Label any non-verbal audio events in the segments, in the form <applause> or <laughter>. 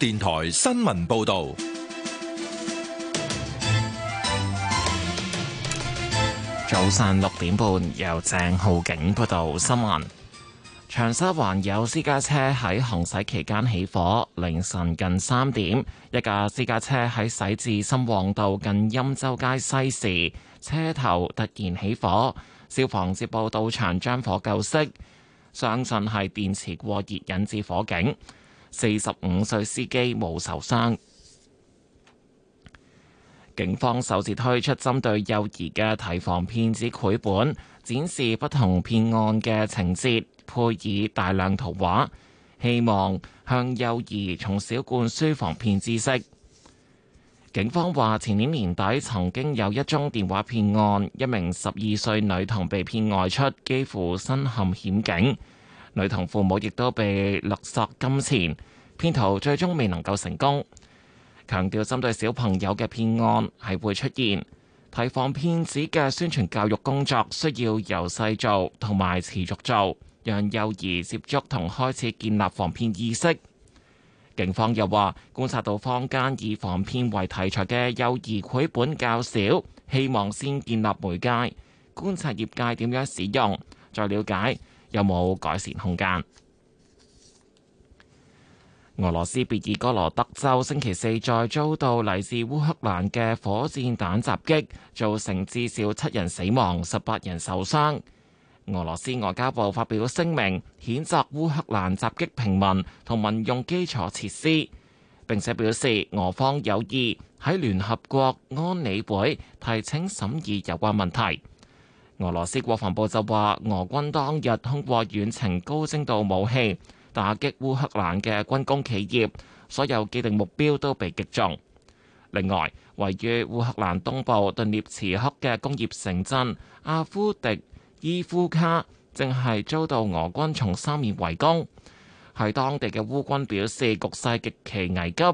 電台新聞報道，早晨六點半，由鄭浩景報道新聞。長沙灣有私家車喺行駛期間起火。凌晨近三點，一架私家車喺駛至深旺道近欽州街西時，車頭突然起火。消防接報到場將火救熄，相信係電池過熱引致火警。四十五歲司機無受傷。警方首次推出針對幼兒嘅提防騙子繪本，展示不同騙案嘅情節，配以大量圖畫，希望向幼兒從小灌輸防騙知識。警方話，前年年底曾經有一宗電話騙案，一名十二歲女童被騙外出，幾乎身陷險境。女童父母亦都被勒索金錢，騙徒最終未能夠成功。強調針對小朋友嘅騙案係會出現，提防騙子嘅宣傳教育工作需要由細做同埋持續做，讓幼兒接觸同開始建立防騙意識，警方又話觀察到坊間以防騙為題材嘅幼兒繪本較少，希望先建立媒介，觀察業界點樣使用，再了解。有冇改善空間？俄羅斯別爾哥羅德州星期四再遭到來自烏克蘭嘅火箭彈襲擊，造成至少七人死亡、十八人受傷。俄羅斯外交部發表聲明，譴責烏克蘭襲擊平民同民用基礎設施，並且表示俄方有意喺聯合國安理會提請審議有關問題。俄羅斯國防部就話，俄軍當日通過遠程高精度武器打擊烏克蘭嘅軍工企業，所有既定目標都被擊中。另外，位於烏克蘭東部頓涅茨克嘅工業城鎮阿夫迪伊夫卡正係遭到俄軍從三面圍攻。喺當地嘅烏軍表示，局勢極其危急，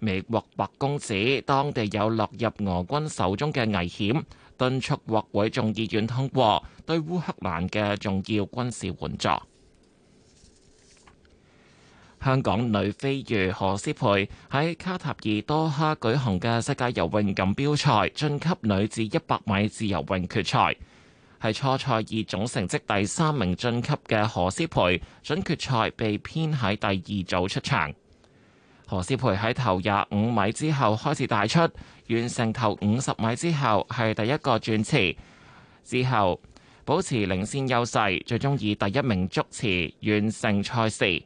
美國白宮指當地有落入俄軍手中嘅危險。敦促獲委眾議院通過對烏克蘭嘅重要軍事援助。香港女飛魚何詩蓓喺卡塔爾多哈舉行嘅世界游泳錦標賽晉級女子一百米自由泳決賽，係初賽以總成績第三名晉級嘅何詩蓓，準決賽被編喺第二組出場。何思培喺頭廿五米之後開始帶出，完成頭五十米之後係第一個轉池，之後保持領先優勢，最終以第一名觸池完成賽事。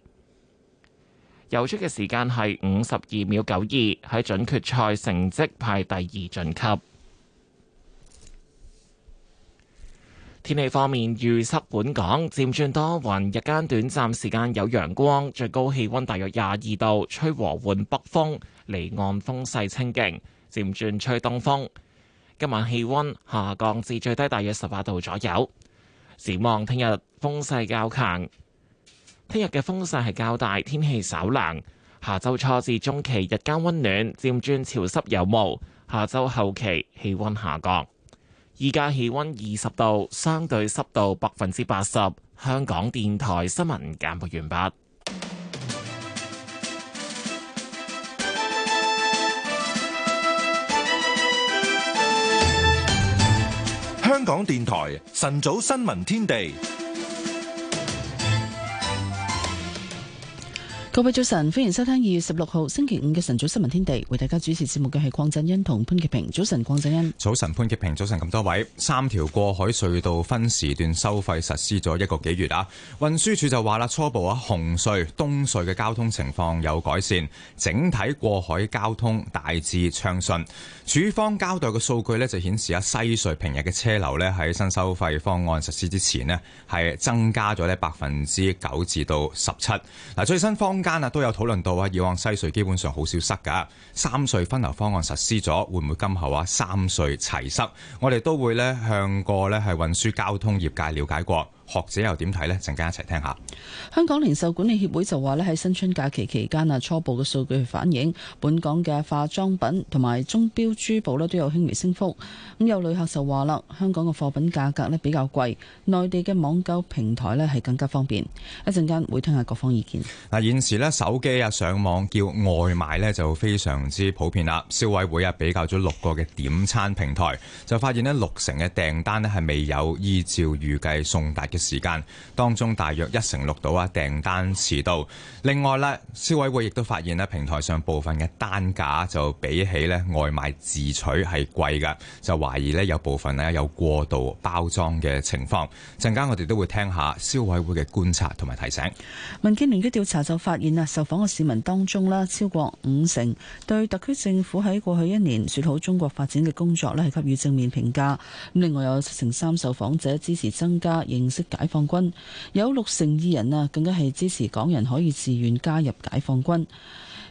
游出嘅時間係五十二秒九二，喺準決賽成績排第二晉級。天氣方面，預測本港漸轉多雲，日間短暫時間有陽光，最高氣溫大約廿二度，吹和緩北風，離岸風勢清勁，漸轉吹東風。今晚氣溫下降至最低大約十八度左右。展望聽日風勢較強，聽日嘅風勢係較大，天氣稍涼。下周初至中期日間溫暖，漸轉潮濕有霧，下周後期氣溫下降。依家氣溫二十度，相對濕度百分之八十。香港電台新聞簡報完畢。香港電台晨早新聞天地。各位早晨，歡迎收聽二月十六號星期五嘅晨早新聞天地。為大家主持節目嘅係鄺振欣同潘潔平。早晨，鄺振欣。早晨，潘潔平。早晨，咁多位。三條過海隧道分時段收費實施咗一個幾月啊，運輸署就話啦，初步啊紅隧、東隧嘅交通情況有改善，整體過海交通大致暢順。署方交代嘅數據咧就顯示啊西隧平日嘅車流咧喺新收費方案實施之前咧係增加咗咧百分之九至到十七。嗱，最新方。間啊都有討論到啊，以往西隧基本上好少塞㗎。三隧分流方案實施咗，會唔會今後啊三隧齊塞？我哋都會咧向個咧係運輸交通業界了解過。學者又點睇呢？陣間一齊聽下。香港零售管理協會就話呢喺新春假期期間啊，初步嘅數據反映本港嘅化妝品同埋鐘錶珠寶咧都有輕微升幅。咁有旅客就話啦，香港嘅貨品價格咧比較貴，內地嘅網購平台咧係更加方便。一陣間會聽下各方意見。嗱，現時咧手機啊上網叫外賣咧就非常之普遍啦。消委會啊比較咗六個嘅點餐平台，就發現咧六成嘅訂單咧係未有依照預計送達嘅。時間當中大約一成六度啊，訂單遲到。另外咧，消委會亦都發現呢平台上部分嘅單價就比起呢外賣自取係貴嘅，就懷疑呢有部分呢有過度包裝嘅情況。陣間我哋都會聽下消委會嘅觀察同埋提醒。民建聯嘅調查就發現啊，受訪嘅市民當中咧超過五成對特區政府喺過去一年説好中國發展嘅工作呢係給予正面評價。咁另外有七成三受訪者支持增加認識。解放軍有六成二人啊，更加係支持港人可以自願加入解放軍。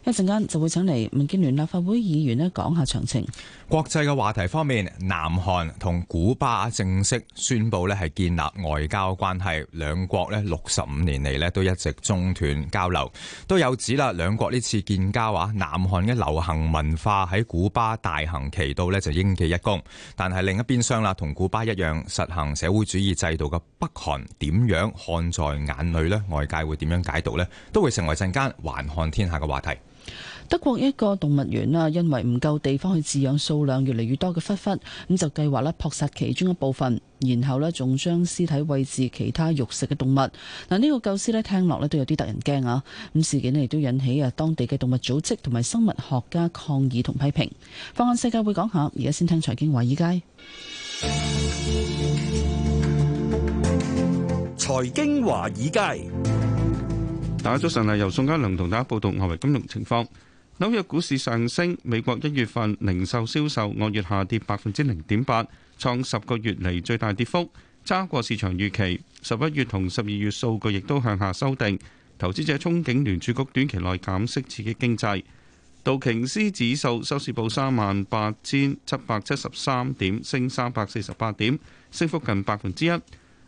一陣間就會請嚟民建聯立法會議員咧，講下詳情。國際嘅話題方面，南韓同古巴正式宣布咧係建立外交關係，兩國咧六十五年嚟咧都一直中斷交流，都有指啦，兩國呢次建交話，南韓嘅流行文化喺古巴大行其道咧就應記一功。但係另一邊廂啦，同古巴一樣實行社會主義制度嘅北韓點樣看在眼裏咧？外界會點樣解讀咧？都會成為陣間環看天下嘅話題。德國一個動物園啦，因為唔夠地方去飼養數量越嚟越多嘅狒狒，咁就計劃咧撲殺其中一部分，然後咧仲將屍體餵飼其他肉食嘅動物。嗱、這個，呢個構思咧聽落咧都有啲得人驚啊！咁事件咧亦都引起啊當地嘅動物組織同埋生物學家抗議同批評。放眼世界會講下，而家先聽財經華爾街。財經華爾街，大家早晨啊！由宋嘉良同大家報道外圍金融情況。紐約股市上升，美國一月份零售銷售按月下跌百分之零點八，創十個月嚟最大跌幅，差過市場預期。十一月同十二月數據亦都向下修訂，投資者憧憬聯儲局短期內減息刺激經濟。道瓊斯指數收市報三萬八千七百七十三點，升三百四十八點，升幅近百分之一。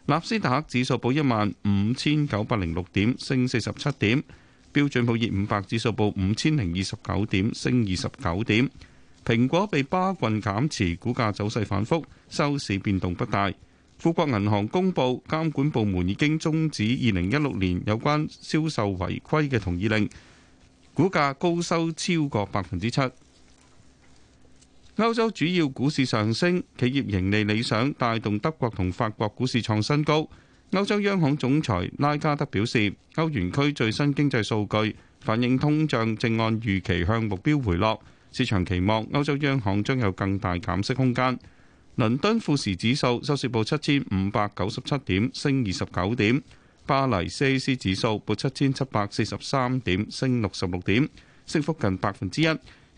納斯達克指數報一萬五千九百零六點，升四十七點。標準普爾五百指數報五千零二十九點，升二十九點。蘋果被巴郡減持，股價走勢反覆，收市變動不大。富國銀行公布，監管部門已經終止二零一六年有關銷售違規嘅同意令，股價高收超過百分之七。歐洲主要股市上升，企業盈利理想，帶動德國同法國股市創新高。歐洲央行總裁拉加德表示，歐元區最新經濟數據反映通脹正按預期向目標回落，市場期望歐洲央行將有更大減息空間。倫敦富時指數收市報七千五百九十七點，升二十九點；巴黎 CAC 指數報七千七百四十三點，升六十六點，升幅近百分之一，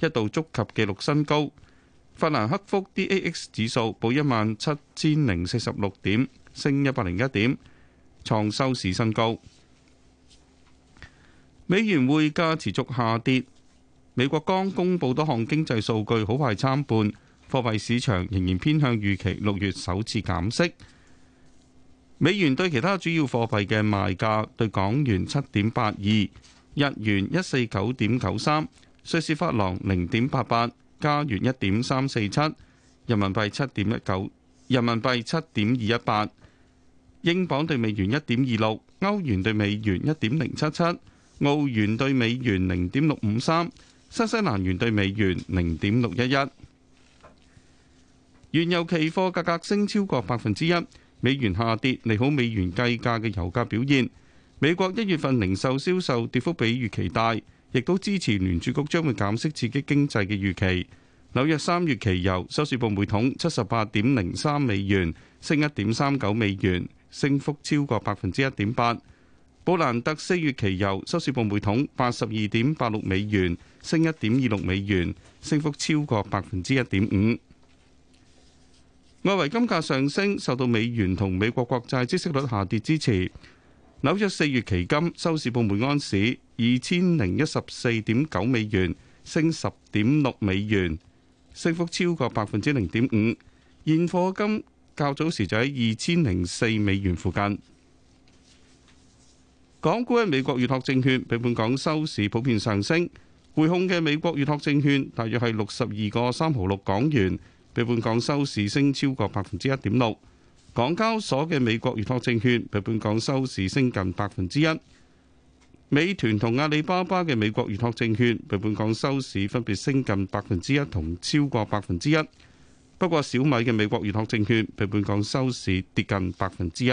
一度觸及紀錄新高。法蘭克福 DAX 指數報一萬七千零四十六點。升一百零一點，創收市新高。美元匯價持續下跌，美國剛公布多項經濟數據，好壞參半，貨幣市場仍然偏向預期六月首次減息。美元對其他主要貨幣嘅賣價：對港元七點八二，日元一四九點九三，瑞士法郎零點八八，加元一點三四七，人民幣七點一九。人民幣七點二一八，英鎊兌美元一點二六，歐元兌美元一點零七七，澳元兌美元零點六五三，新西蘭元兌美元零點六一一。原油期貨價格,格,格升超過百分之一，美元下跌，利好美元計價嘅油價表現。美國一月份零售銷售跌幅比預期大，亦都支持聯儲局將會減息刺激經濟嘅預期。紐約三月期油收市報每桶七十八點零三美元，升一點三九美元，升幅超過百分之一點八。布蘭特四月期油收市報每桶八十二點八六美元，升一點二六美元，升幅超過百分之一點五。外圍金價上升，受到美元同美國國債孳息率下跌支持。紐約四月期金收市報每安士二千零一十四點九美元，升十點六美元。升幅超過百分之零點五，現貨金較早時就喺二千零四美元附近。港股嘅美國預託證券比本港收市普遍上升，匯控嘅美國預託證券大約係六十二個三毫六港元，比本港收市升超過百分之一點六。港交所嘅美國預託證券比本港收市升近百分之一。美團同阿里巴巴嘅美國預託證券被本港收市分別升近百分之一同超過百分之一，不過小米嘅美國預託證券被本港收市跌近百分之一。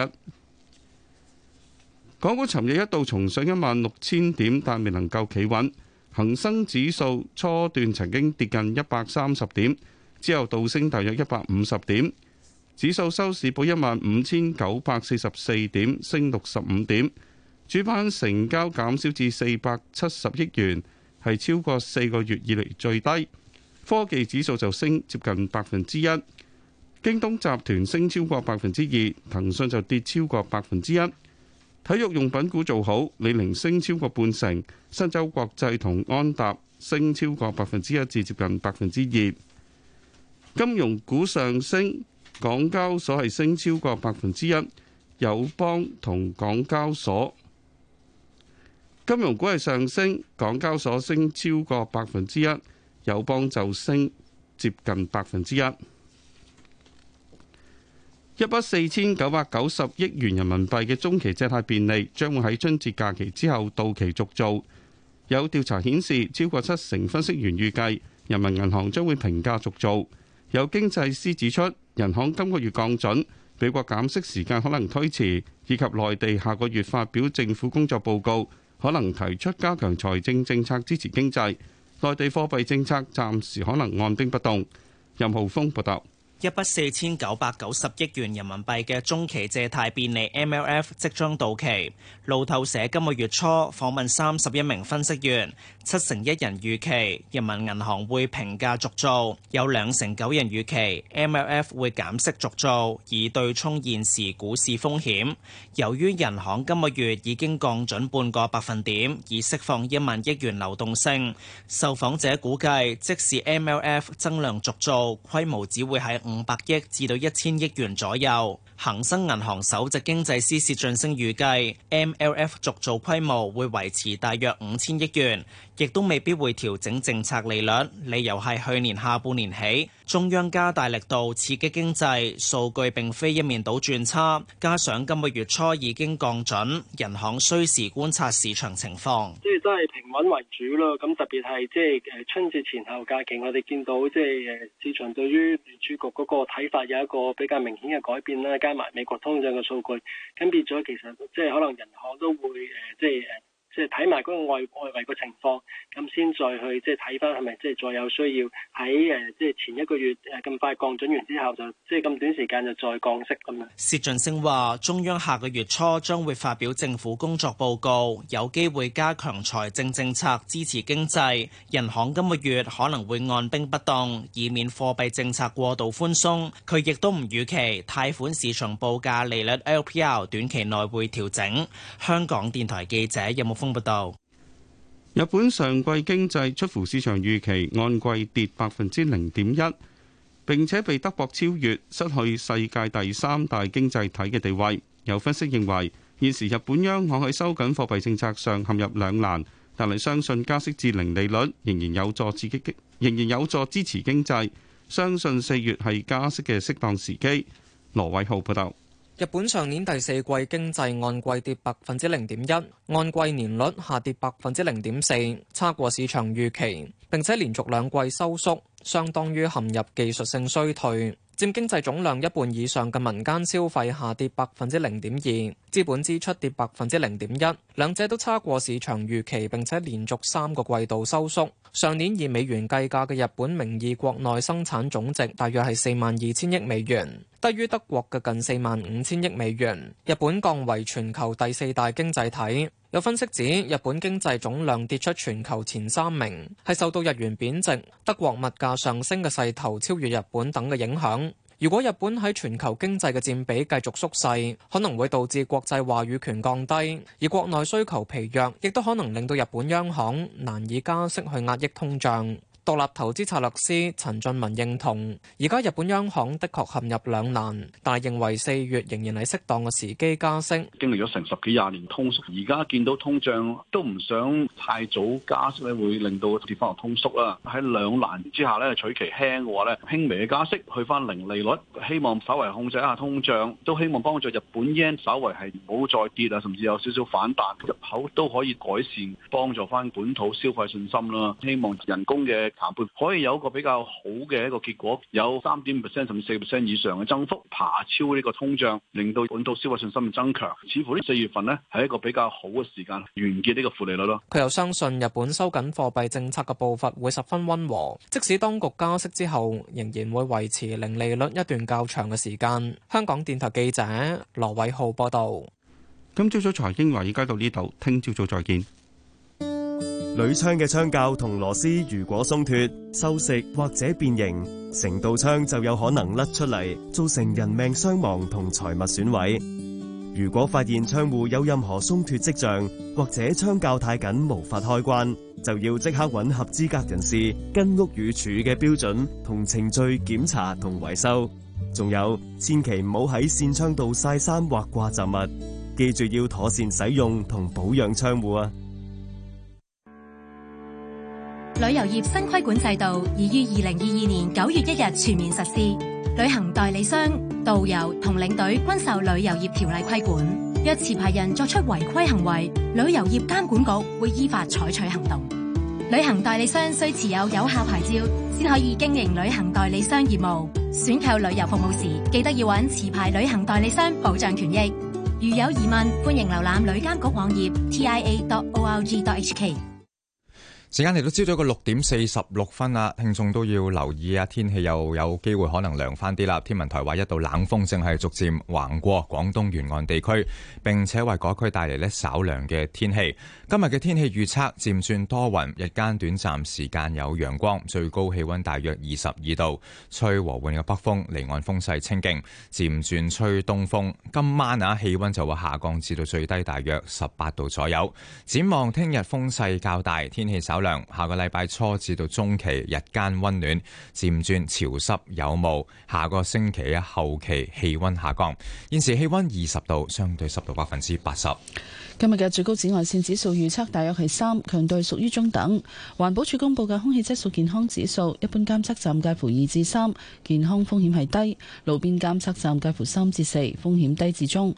港股尋日一度重上一萬六千點，但未能夠企穩。恒生指數初段曾經跌近一百三十點，之後倒升大約一百五十點，指數收市報一萬五千九百四十四點，升六十五點。主板成交減少至四百七十億元，係超過四個月以嚟最低。科技指數就升接近百分之一，京東集團升超過百分之二，騰訊就跌超過百分之一。體育用品股做好，李寧升超過半成，新洲國際同安踏升超過百分之一至接近百分之二。金融股上升，港交所係升超過百分之一，友邦同港交所。金融股係上升，港交所升超過百分之一，友邦就升接近百分之一。一筆四千九百九十億元人民幣嘅中期借貸便利將會喺春節假期之後到期續做。有調查顯示，超過七成分析員預計人民銀行將會平價續做。有經濟師指出，人行今個月降準，美國減息時間可能推遲，以及內地下個月發表政府工作報告。可能提出加強財政政策支持經濟，內地貨幣政策暫時可能按兵不動，任浩峰報道。一筆四千九百九十億元人民幣嘅中期借貸便利 MLF 即將到期。路透社今個月初訪問三十一名分析員，七成一人預期人民銀行會平價續做，有兩成九人預期 MLF 會減息續做以對沖現時股市風險。由於人行今個月已經降準半個百分點，以釋放一萬億元流動性，受訪者估計，即使 MLF 增量續做，規模只會喺五百億至到一千億元左右。恒生銀行首席經濟師薛俊升預計，MLF 續做規模會維持大約五千億元，亦都未必會調整政策利率。理由係去年下半年起，中央加大力度刺激經濟，數據並非一面倒轉差，加上今個月初已經降準，人行需時觀察市場情況。即係都係平穩為主咯。咁特別係即係春節前後假期，我哋見到即係市場對於主局嗰個睇法有一個比較明顯嘅改變啦。加埋美國通脹嘅數據咁變咗，其實即係可能銀行都會誒、呃，即係。誒。即係睇埋嗰個外外圍個情況，咁先再去即係睇翻係咪即係再有需要喺誒即係前一個月誒咁快降準完之後就即係咁短時間就再降息咁樣。薛俊升話：中央下個月初將會發表政府工作報告，有機會加強財政政策支持經濟。人行今個月可能會按兵不動，以免貨幣政策過度寬鬆，佢亦都唔預期貸款市場報價利率 LPR 短期內會調整。香港電台記者任木豐。日本上季經濟出乎市場預期，按季跌百分之零點一，並且被德國超越，失去世界第三大經濟體嘅地位。有分析認為，現時日本央行喺收緊貨幣政策上陷入兩難，但係相信加息至零利率仍然有助刺激，仍然有助支持經濟。相信四月係加息嘅適當時機。羅偉浩報道。日本上年第四季經濟按季跌百分之零點一，按季年率下跌百分之零點四，差過市場預期，並且連續兩季收縮，相當於陷入技術性衰退。佔經濟總量一半以上嘅民間消費下跌百分之零點二，資本支出跌百分之零點一，兩者都差過市場預期，並且連續三個季度收縮。上年以美元計價嘅日本名義國內生產總值大約係四萬二千億美元，低於德國嘅近四萬五千億美元，日本降為全球第四大經濟體。有分析指，日本經濟總量跌出全球前三名，係受到日元貶值、德國物價上升嘅勢頭超越日本等嘅影響。如果日本喺全球經濟嘅佔比繼續縮細，可能會導致國際話語權降低，而國內需求疲弱，亦都可能令到日本央行難以加息去壓抑通脹。獨立投資策略師陳俊文認同，而家日本央行的確陷入兩難，但係認為四月仍然係適當嘅時機加息。經歷咗成十幾廿年通縮，而家見到通脹都唔想太早加息咧，會令到跌翻落通縮啦。喺兩難之下咧，取其輕嘅話咧，輕微嘅加息去翻零利率，希望稍為控制一下通脹，都希望幫助日本 yen 稍為係唔好再跌啊，甚至有少少反彈，入口都可以改善，幫助翻本土消費信心啦。希望人工嘅可以有一個比較好嘅一個結果，有三點五 percent 甚至四 percent 以上嘅增幅，爬超呢個通脹，令到本土消費信心增強，似乎呢四月份呢係一個比較好嘅時間，完結呢個負利率咯。佢又相信日本收緊貨幣政策嘅步伐會十分溫和，即使當局加息之後，仍然會維持零利率一段較長嘅時間。香港電台記者羅偉浩報道。今朝早財經華爾街到呢度，聽朝早再見。鋁窗嘅窗鉸同螺絲，如果鬆脫、鏽蝕或者變形，成道窗就有可能甩出嚟，造成人命傷亡同財物損毀。如果發現窗戶有任何鬆脫跡象，或者窗鉸太緊無法開關，就要即刻揾合資格人士，跟屋宇署嘅標準同程序檢查同維修。仲有，千祈唔好喺扇窗度晒衫或掛雜物。記住要妥善使用同保養窗戶啊！旅遊業新規管制度已於二零二二年九月一日全面實施，旅行代理商、導遊同領隊均受旅遊業條例規管。若持牌人作出違規行為，旅遊業監管局會依法採取行動。旅行代理商需持有有效牌照，先可以經營旅行代理商業務。選購旅遊服務時，記得要搵持牌旅行代理商保障權益。如有疑問，歡迎瀏覽旅監局網頁 tia.org.hk。時間嚟到朝早嘅六點四十六分啦，聽眾都要留意啊，天氣又有機會可能涼翻啲啦。天文台話一道冷鋒正係逐漸橫過廣東沿岸地區，並且為各區帶嚟呢稍涼嘅天氣。今日嘅天氣預測漸轉多雲，日間短暫時間有陽光，最高氣溫大約二十二度，吹和緩嘅北風，離岸風勢清勁，漸轉吹東風。今晚啊，氣溫就會下降至到最低大約十八度左右。展望聽日風勢較大，天氣稍。涼，下個禮拜初至到中期日間溫暖，漸轉潮濕有霧。下個星期一後期氣溫下降，現時氣溫二十度，相對濕度百分之八十。今日嘅最高紫外線指數預測大約係三，強度屬於中等。環保署公布嘅空氣質素健康指數，一般監測站介乎二至三，健康風險係低；路邊監測站介乎三至四，風險低至中。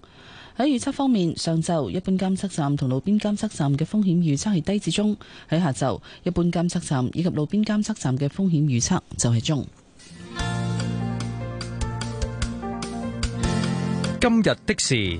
喺預測方面，上晝一般監測站同路邊監測站嘅風險預測係低至中；喺下晝一般監測站以及路邊監測站嘅風險預測就係中。今日的事，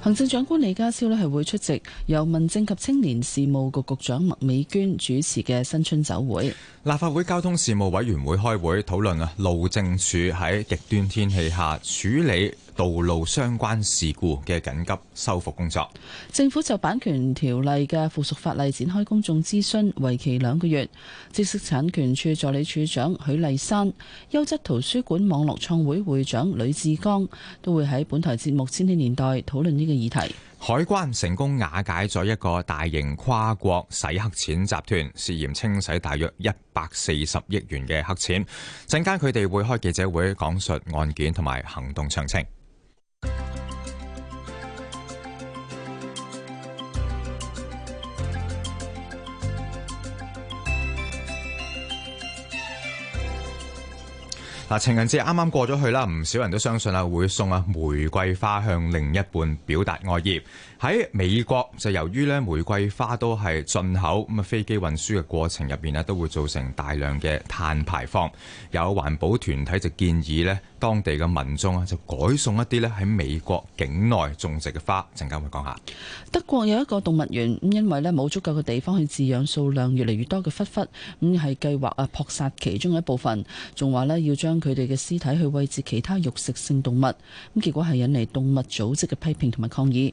行政長官李家超咧係會出席由民政及青年事務局局長麥美娟主持嘅新春酒會。立法會交通事務委員會開會討論啊，路政署喺極端天氣下處理道路相關事故嘅緊急修復工作。政府就版權條例嘅附屬法例展開公眾諮詢，為期兩個月。知識產權處助理處長許麗珊、優質圖書館網絡創會會長呂志剛都會喺本台節目《千禧年代》討論呢個議題。海關成功瓦解咗一個大型跨國洗黑錢集團，涉嫌清洗大約一百四十億元嘅黑錢。陣間佢哋會開記者會講述案件同埋行動詳情。嗱，情人節啱啱過咗去啦，唔少人都相信啦，會送啊玫瑰花向另一半表達愛意。喺美國就由於咧玫瑰花都係進口咁啊，飛機運輸嘅過程入邊咧都會造成大量嘅碳排放。有環保團體就建議咧，當地嘅民眾啊就改送一啲咧喺美國境內種植嘅花。陣間會講下德國有一個動物園因為咧冇足夠嘅地方去飼養數量越嚟越多嘅狒狒咁，係計劃啊撲殺其中一部分，仲話咧要將佢哋嘅屍體去餵飼其他肉食性動物咁，結果係引嚟動物組織嘅批評同埋抗議。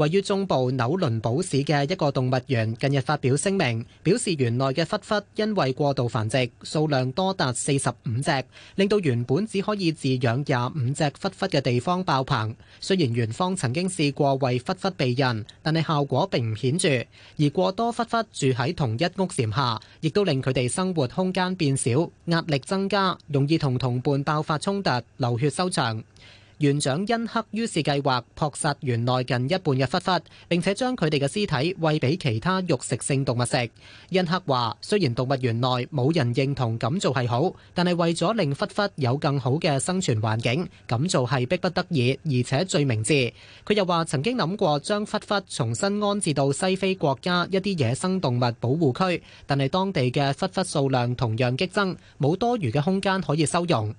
位於中部紐倫堡市嘅一個動物園近日發表聲明，表示園內嘅狒狒因為過度繁殖，數量多達四十五隻，令到原本只可以飼養廿五隻狒狒嘅地方爆棚。雖然園方曾經試過為狒狒避孕，但係效果並唔顯著。而過多狒狒住喺同一屋檐下，亦都令佢哋生活空間變少，壓力增加，容易同同伴爆發衝突，流血收場。園長恩克於是計劃撲殺園內近一半嘅狒狒，並且將佢哋嘅屍體餵俾其他肉食性動物食。恩克話：雖然動物園內冇人認同咁做係好，但係為咗令狒狒有更好嘅生存環境，咁做係逼不得已，而且最明智。佢又話：曾經諗過將狒狒重新安置到西非國家一啲野生動物保護區，但係當地嘅狒狒數量同樣激增，冇多餘嘅空間可以收容。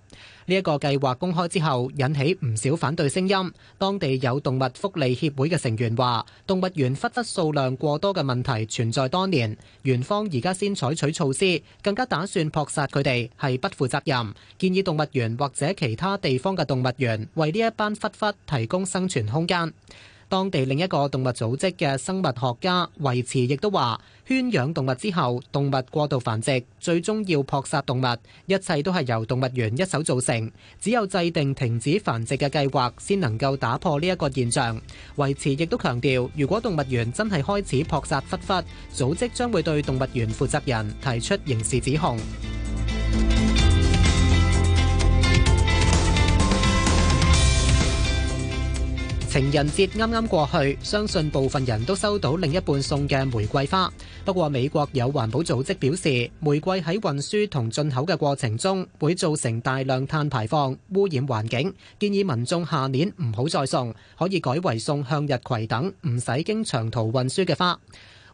呢一個計劃公開之後，引起唔少反對聲音。當地有動物福利協會嘅成員話：動物園狒狒數量過多嘅問題存在多年，園方而家先採取措施，更加打算撲殺佢哋，係不負責任。建議動物園或者其他地方嘅動物園為呢一班狒狒提供生存空間。當地另一個動物組織嘅生物學家維持亦都話：圈養動物之後，動物過度繁殖，最終要撲殺動物，一切都係由動物園一手造成。只有制定停止繁殖嘅計劃，先能夠打破呢一個現象。維持亦都強調，如果動物園真係開始撲殺狒狒，組織將會對動物園負責人提出刑事指控。情人節啱啱過去，相信部分人都收到另一半送嘅玫瑰花。不過，美國有環保組織表示，玫瑰喺運輸同進口嘅過程中會造成大量碳排放、污染環境，建議民眾下年唔好再送，可以改為送向日葵等唔使經長途運輸嘅花。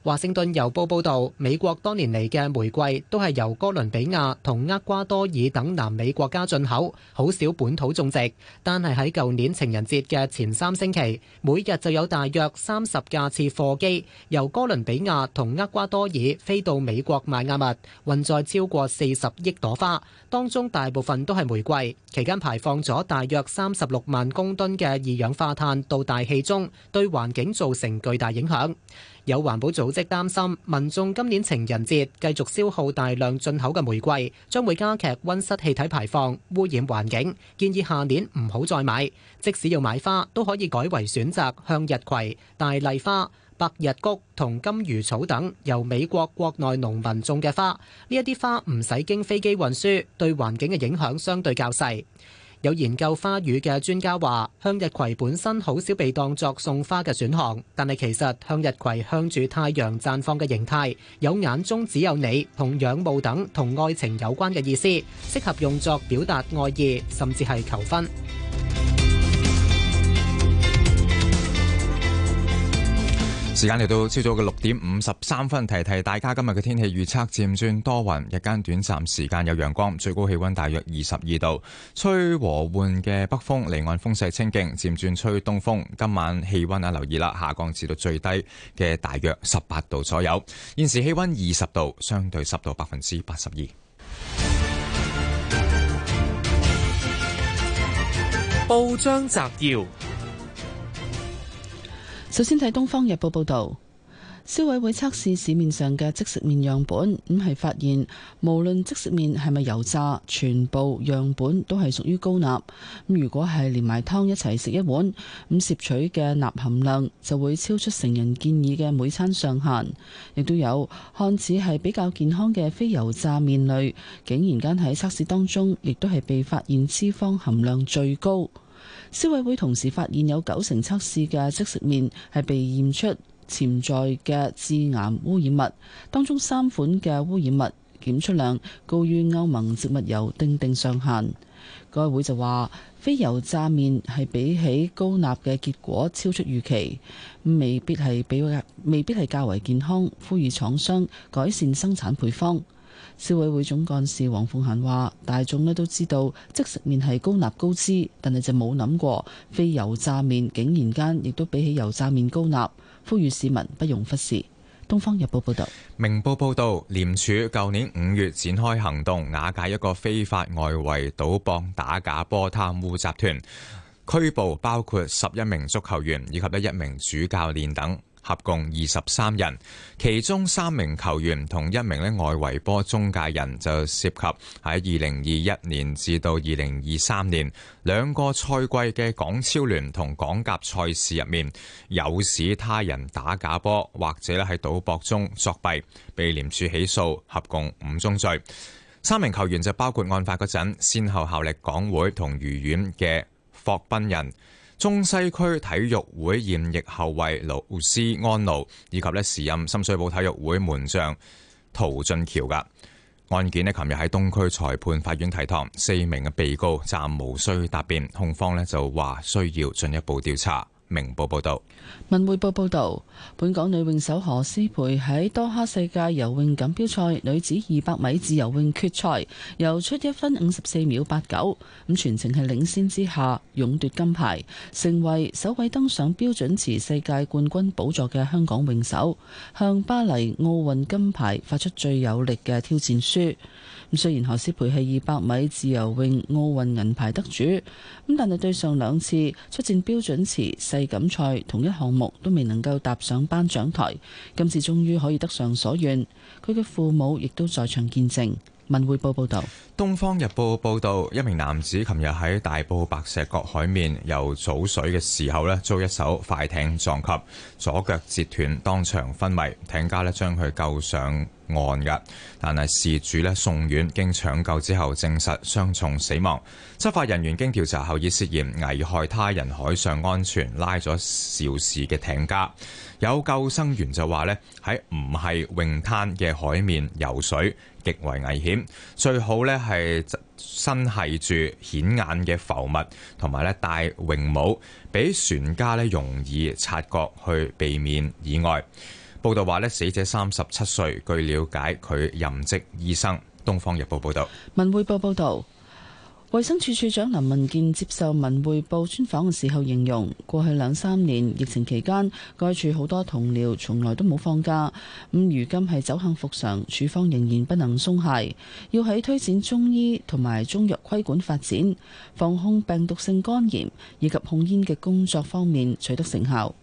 《華盛頓郵報》報導，美國多年嚟嘅玫瑰都係由哥倫比亞同厄瓜多爾等南美國家進口，好少本土種植。但係喺舊年情人節嘅前三星期，每日就有大約三十架次貨機由哥倫比亞同厄瓜多爾飛到美國邁阿密，運載超過四十億朵花，當中大部分都係玫瑰。期間排放咗大約三十六萬公噸嘅二氧化碳到大氣中，對環境造成巨大影響。有環保組織擔心，民眾今年情人節繼續消耗大量進口嘅玫瑰，將會加劇溫室氣體排放，污染環境。建議下年唔好再買，即使要買花都可以改為選擇向日葵、大麗花、百日菊同金魚草等由美國國內農民種嘅花。呢一啲花唔使經飛機運輸，對環境嘅影響相對較細。有研究花語嘅專家話，向日葵本身好少被當作送花嘅選項，但係其實向日葵向住太陽綻放嘅形態，有眼中只有你同仰慕等同愛情有關嘅意思，適合用作表達愛意，甚至係求婚。時間嚟到朝早嘅六點五十三分，提提大家今日嘅天氣預測，漸轉多雲，日間短暫時間有陽光，最高氣溫大約二十二度，吹和緩嘅北風，離岸風勢清勁，漸轉吹東風。今晚氣溫啊，留意啦，下降至到最低嘅大約十八度左右。現時氣溫二十度，相對濕度百分之八十二。報章摘要。首先睇《東方日報》報道，消委會測試市面上嘅即食麵樣本，咁係發現無論即食麵係咪油炸，全部樣本都係屬於高鈉。咁如果係連埋湯一齊食一碗，咁攝取嘅鈉含量就會超出成人建議嘅每餐上限。亦都有看似係比較健康嘅非油炸麵類，竟然間喺測試當中，亦都係被發現脂肪含量最高。消委會同時發現有九成測試嘅即食麵係被驗出潛在嘅致癌污染物，當中三款嘅污染物檢出量高於歐盟植物油訂定上限。該會就話，非油炸麵係比起高鈉嘅結果超出預期，未必係比較，未必係較為健康，呼籲廠商改善生產配方。消委會總幹事黃鳳嫻話：大眾咧，都知道即食麵係高鈉高脂，但係就冇諗過非油炸麵竟然間亦都比起油炸麵高鈉。呼籲市民不容忽視。東方日報報道，明報報道，廉署舊年五月展開行動，瓦解一個非法外圍賭博打假波貪污集團，拘捕包括十一名足球員以及一名主教練等。合共二十三人，其中三名球員同一名咧外圍波中介人就涉及喺二零二一年至到二零二三年兩個賽季嘅港超聯同港甲賽事入面誘使他人打假波，或者咧喺賭博中作弊，被廉署起訴，合共五宗罪。三名球員就包括案發嗰陣先後效力港會同愉園嘅霍彬仁。中西區體育會現役後衞勞斯安奴，以及咧時任深水埗體育會門將陶俊橋案件咧，琴日喺東區裁判法院提堂，四名嘅被告暫無需答辯，控方咧就話需要進一步調查。明報報道，文匯報報道，本港女泳手何詩蓓喺多哈世界游泳錦標賽女子二百米自由泳決賽游出一分五十四秒八九，咁全程係領先之下，勇奪金牌，成為首位登上標準池世界冠軍寶座嘅香港泳手，向巴黎奧運金牌發出最有力嘅挑戰書。雖然何詩蓓係二百米自由泳奧運銀牌得主，但係對上兩次出戰標準池世錦賽同一項目都未能夠踏上頒獎台，今次終於可以得償所願，佢嘅父母亦都在場見證。文匯報報道，東方日報報道，一名男子琴日喺大埔白石角海面游早水嘅時候咧，遭一艘快艇撞及，左腳折斷，當場昏迷。艇家咧將佢救上岸噶，但係事主咧送院經搶救之後證實傷重死亡。執法人員經調查後，以涉嫌危害他人海上安全拉咗肇事嘅艇家。有救生員就話呢喺唔係泳灘嘅海面游水，極為危險，最好咧係身繫住顯眼嘅浮物，同埋咧戴泳帽，俾船家咧容易察覺去避免意外。報道話咧，死者三十七歲，據了解佢任職醫生。東方日報報道，文匯報報道。衛生署署長林文健接受文匯報專訪嘅時候形容，過去兩三年疫情期間，該處好多同僚從來都冇放假，咁如今係走向復常，處方仍然不能鬆懈，要喺推展中醫同埋中藥規管發展、防控病毒性肝炎以及控煙嘅工作方面取得成效。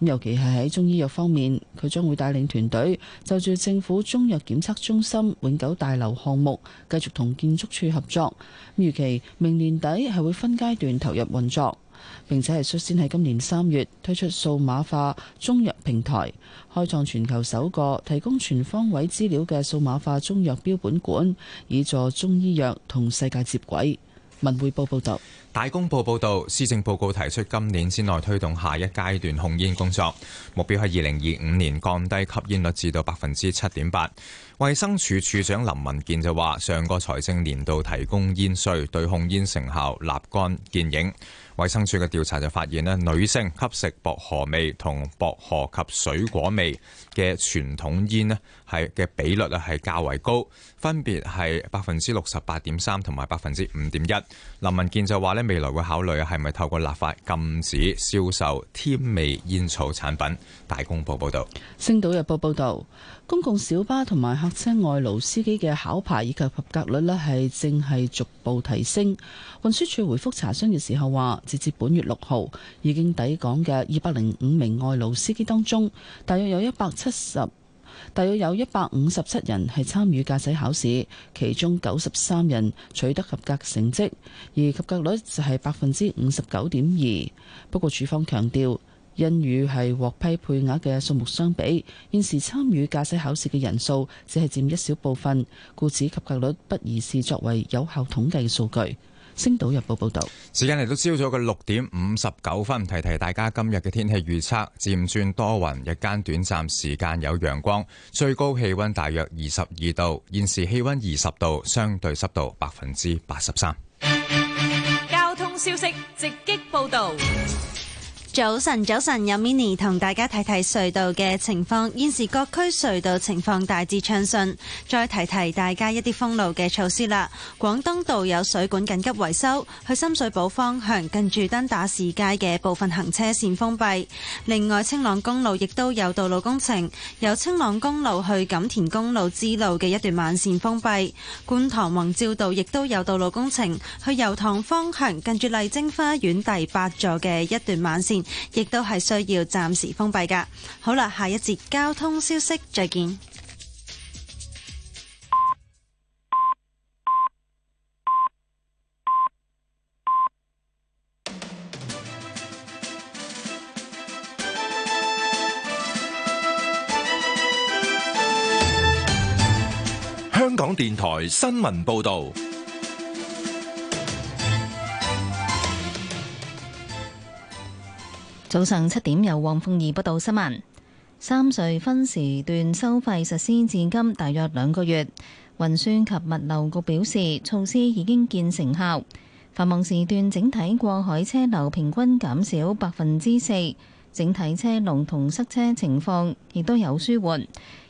尤其係喺中醫藥方面，佢將會帶領團隊就住政府中藥檢測中心永久大樓項目繼續同建築署合作。咁預期明年底係會分階段投入運作，並且係率先喺今年三月推出數碼化中藥平台，開創全球首個提供全方位資料嘅數碼化中藥標本館，以助中醫藥同世界接軌。文匯報報道。大公報報導，施政報告提出今年之內推動下一階段控煙工作，目標係二零二五年降低吸煙率至到百分之七點八。衛生署署長林文健就話，上個財政年度提供煙稅，對控煙成效立竿見影。衛生署嘅調查就發現咧，女性吸食薄荷味同薄荷及水果味嘅傳統煙咧，係嘅比率咧係較為高，分別係百分之六十八點三同埋百分之五點一。林文健就話咧，未來會考慮係咪透過立法禁止銷售添味煙草產品。大公報報導，《星島日報》報道，公共小巴同埋客車外勞司機嘅考牌以及合格率咧，係正係逐步提升。運輸署回覆查詢嘅時候話。截至本月六號，已經抵港嘅二百零五名外勞司機當中，大約有一百七十，大約有一百五十七人係參與駕駛考試，其中九十三人取得及格成績，而及格率就係百分之五十九點二。不過署方強調，因與係獲批配額嘅數目相比，現時參與駕駛考試嘅人數只係佔一小部分，故此及格率不宜視作為有效統計嘅數據。星島日報報道，時間嚟到朝早嘅六點五十九分，提提大家今日嘅天氣預測，漸轉多雲，日間短暫時間有陽光，最高氣溫大約二十二度，現時氣溫二十度，相對濕度百分之八十三。交通消息直擊報道。早晨，早晨，有 mini 同大家睇睇隧道嘅情況。現時各區隧道情況大致暢順。再提提大家一啲封路嘅措施啦。廣東道有水管緊急維修，去深水埗方向近住登打士街嘅部分行車線封閉。另外，青朗公路亦都有道路工程，由青朗公路去錦田公路支路嘅一段慢線封閉。觀塘宏照道亦都有道路工程，去油塘方向近住麗晶花園第八座嘅一段慢線。亦都係需要暫時封閉噶。好啦，下一節交通消息，再見。香港電台新聞報道。早上七點有黃鳳儀報道新聞，三隧分時段收費實施至今大約兩個月，運輸及物流局表示措施已經見成效，繁忙時段整體過海車流平均減少百分之四，整體車龍同塞車情況亦都有舒緩。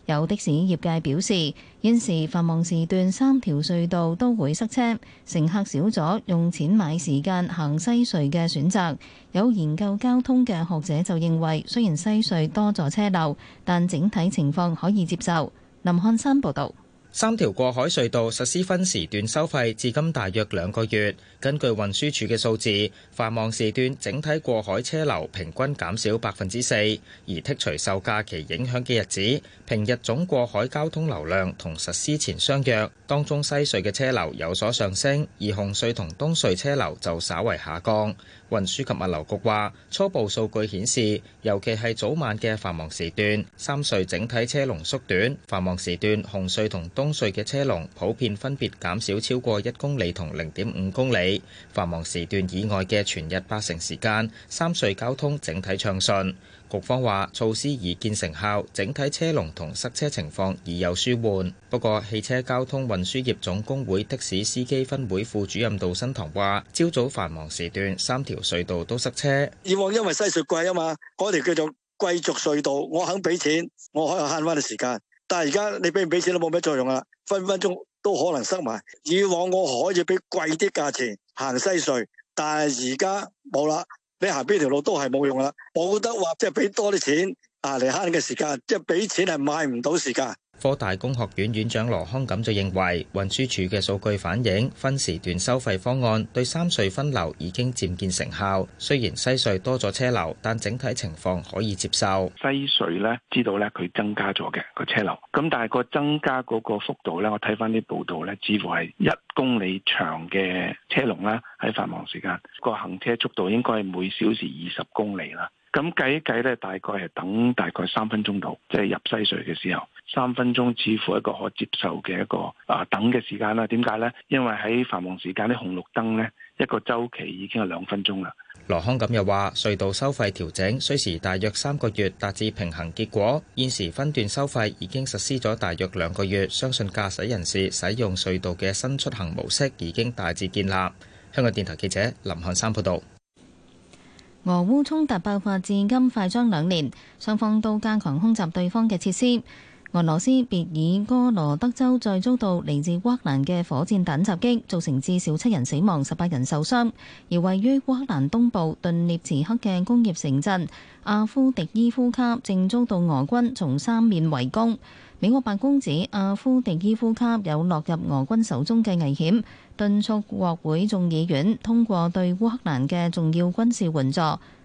有的士業界表示，現時繁忙時段三條隧道都會塞車，乘客少咗用錢買時間行西隧嘅選擇。有研究交通嘅學者就認為，雖然西隧多咗車流，但整體情況可以接受。林漢山報導。三條過海隧道實施分時段收費，至今大約兩個月。根據運輸署嘅數字，繁忙時段整體過海車流平均減少百分之四，而剔除受假期影響嘅日子，平日總過海交通流量同實施前相若。當中西隧嘅車流有所上升，而紅隧同東隧車流就稍為下降。運輸及物流局話，初步數據顯示，尤其係早晚嘅繁忙時段，三隧整體車龍縮短，繁忙時段紅隧同東東隧嘅車龍普遍分別減少超過一公里同零點五公里，繁忙時段以外嘅全日八成時間，三隧交通整體暢順。局方話措施已見成效，整體車龍同塞車情況已有舒緩。不過，汽車交通運輸業總工會的士司機分會副主任杜新堂話：朝早繁忙時段三條隧道都塞車，以往因為西隧貴啊嘛，嗰條叫做貴族隧道，我肯俾錢，我可以慳翻啲時間。但係而家你俾唔俾錢都冇咩作用啦，分分鐘都可能塞埋。以往我可以俾貴啲價錢行西隧，但係而家冇啦。你行邊條路都係冇用啦。冇得話即係俾多啲錢啊嚟慳嘅時間，即係俾錢係買唔到時間。科大工學院院長羅康錦就認為，運輸署嘅數據反映分時段收費方案對三隧分流已經漸見成效。雖然西隧多咗車流，但整體情況可以接受。西隧咧，知道咧，佢增加咗嘅個車流，咁但係個增加嗰個幅度咧，我睇翻啲報道咧，似乎係一公里長嘅車龍啦，喺繁忙時間個行車速度應該係每小時二十公里啦。咁計一計咧，大概係等大概三分鐘度，即係入西隧嘅時候。三分鐘似乎一個可接受嘅一個啊等嘅時間啦。點解咧？因為喺繁忙時間啲紅綠燈咧，一個周期已經係兩分鐘啦。羅康錦又話隧道收費調整需時大約三個月達至平衡結果。現時分段收費已經實施咗大約兩個月，相信駕駛人士使用隧道嘅新出行模式已經大致建立。香港電台記者林漢山報道，俄烏衝突爆發至今快將兩年，雙方都加強空襲對方嘅設施。俄羅斯別爾哥羅德州再遭到嚟自烏克蘭嘅火箭彈襲擊，造成至少七人死亡、十八人受傷。而位於烏克蘭東部頓涅茨克嘅工業城鎮阿夫迪伊夫卡正遭到俄軍從三面圍攻。美國白宮指阿夫迪伊夫卡有落入俄軍手中嘅危險，敦促國會眾議院通過對烏克蘭嘅重要軍事援助。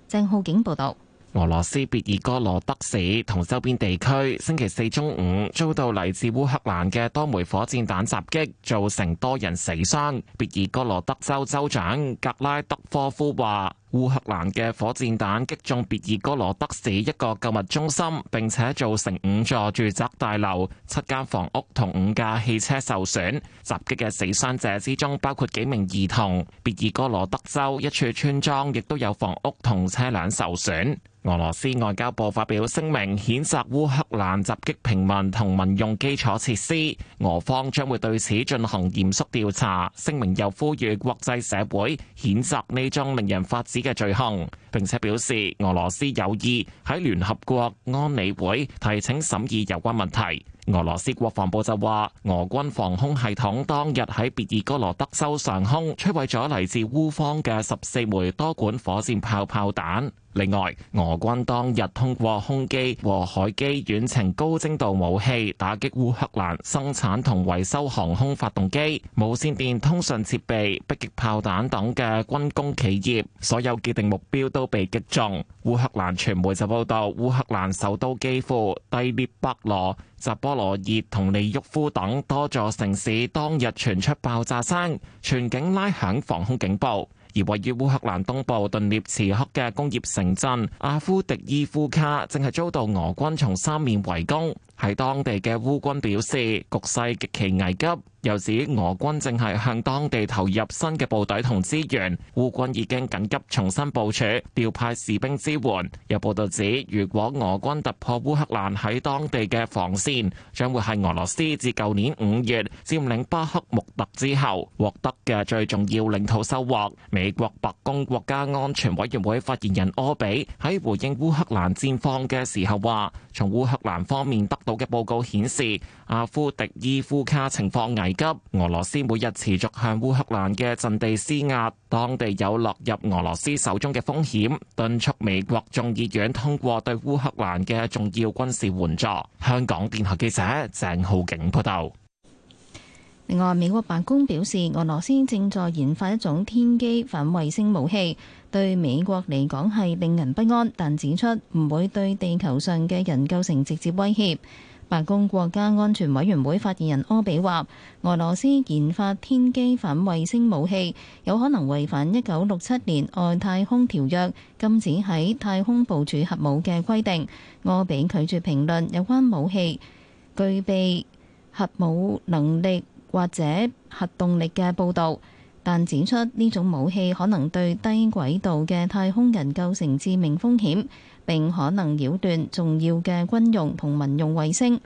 鄭浩景報道。俄羅斯別爾哥羅德市同周邊地區星期四中午遭到來自烏克蘭嘅多枚火箭彈襲擊，造成多人死傷。別爾哥羅德州州長格拉德科夫話。烏克蘭嘅火箭彈擊中別爾哥羅德市一個購物中心，並且造成五座住宅大樓、七間房屋同五架汽車受損。襲擊嘅死傷者之中包括幾名兒童。別爾哥羅德州一處村莊亦都有房屋同車輛受損。俄羅斯外交部發表聲明譴責烏克蘭襲擊平民同民用基礎設施，俄方將會對此進行嚴肅調查。聲明又呼籲國際社會譴責呢種令人發指嘅罪行。並且表示，俄羅斯有意喺聯合國安理會提請審議有關問題，俄羅斯國防部就話俄軍防空系統當日喺別爾哥羅德州上空摧毀咗嚟自烏方嘅十四枚多管火箭炮炮彈，另外，俄軍當日通過空機和海基遠程高精度武器，打擊烏克蘭生產同維修航空發動機、無線電通訊設備、迫擊炮彈等嘅軍工企業所有決定目標都被擊中，烏克蘭傳媒就報道，烏克蘭首都基輔、第列伯羅、扎波羅熱同利沃夫等多座城市當日傳出爆炸聲，全境拉響防空警報。而位於烏克蘭東部頓涅茨克嘅工業城鎮阿夫迪伊夫卡正係遭到俄軍從三面圍攻。喺當地嘅烏軍表示，局勢極其危急，又指俄軍正係向當地投入新嘅部隊同資源。烏軍已經緊急重新部署，調派士兵支援。有報道指，如果俄軍突破烏克蘭喺當地嘅防線，將會係俄羅斯自舊年五月佔領巴克穆特之後獲得嘅最重要領土收穫。美國白宮國家安全委員會發言人柯比喺回應烏克蘭戰況嘅時候話，從烏克蘭方面得到嘅報告顯示，阿夫迪伊夫卡情況危急，俄羅斯每日持續向烏克蘭嘅陣地施壓，當地有落入俄羅斯手中嘅風險，敦促美國眾議院通過對烏克蘭嘅重要軍事援助。香港電台記者鄭浩景報道。另外，美國白宮表示，俄羅斯正在研發一種天基反衛星武器，對美國嚟講係令人不安，但指出唔會對地球上嘅人構成直接威脅，白宮國家安全委員會發言人柯比話俄羅斯研發天基反衛星武器，有可能違反一九六七年外太空條約禁止喺太空部署核武嘅規定。柯比拒絕評論有關武器具備核武能力。或者核動力嘅報導，但指出呢種武器可能對低軌道嘅太空人構成致命風險，並可能擾亂重要嘅軍用同民用衛星。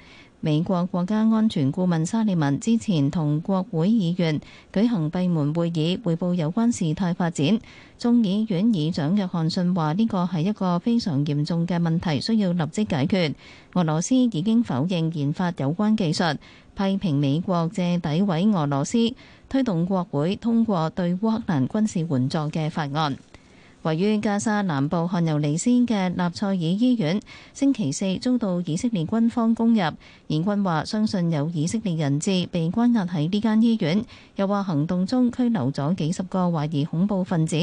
美國國家安全顧問沙利文之前同國會議員舉行閉門會議，匯報有關事態發展。眾議院議長約翰遜話：呢個係一個非常嚴重嘅問題，需要立即解決。俄羅斯已經否認研發有關技術。批評美國借詆毀俄羅斯，推動國會通過對烏克蘭軍事援助嘅法案。位於加沙南部漢尤尼斯嘅納賽爾醫院，星期四遭到以色列軍方攻入。言軍話相信有以色列人質被關押喺呢間醫院，又話行動中拘留咗幾十個懷疑恐怖分子，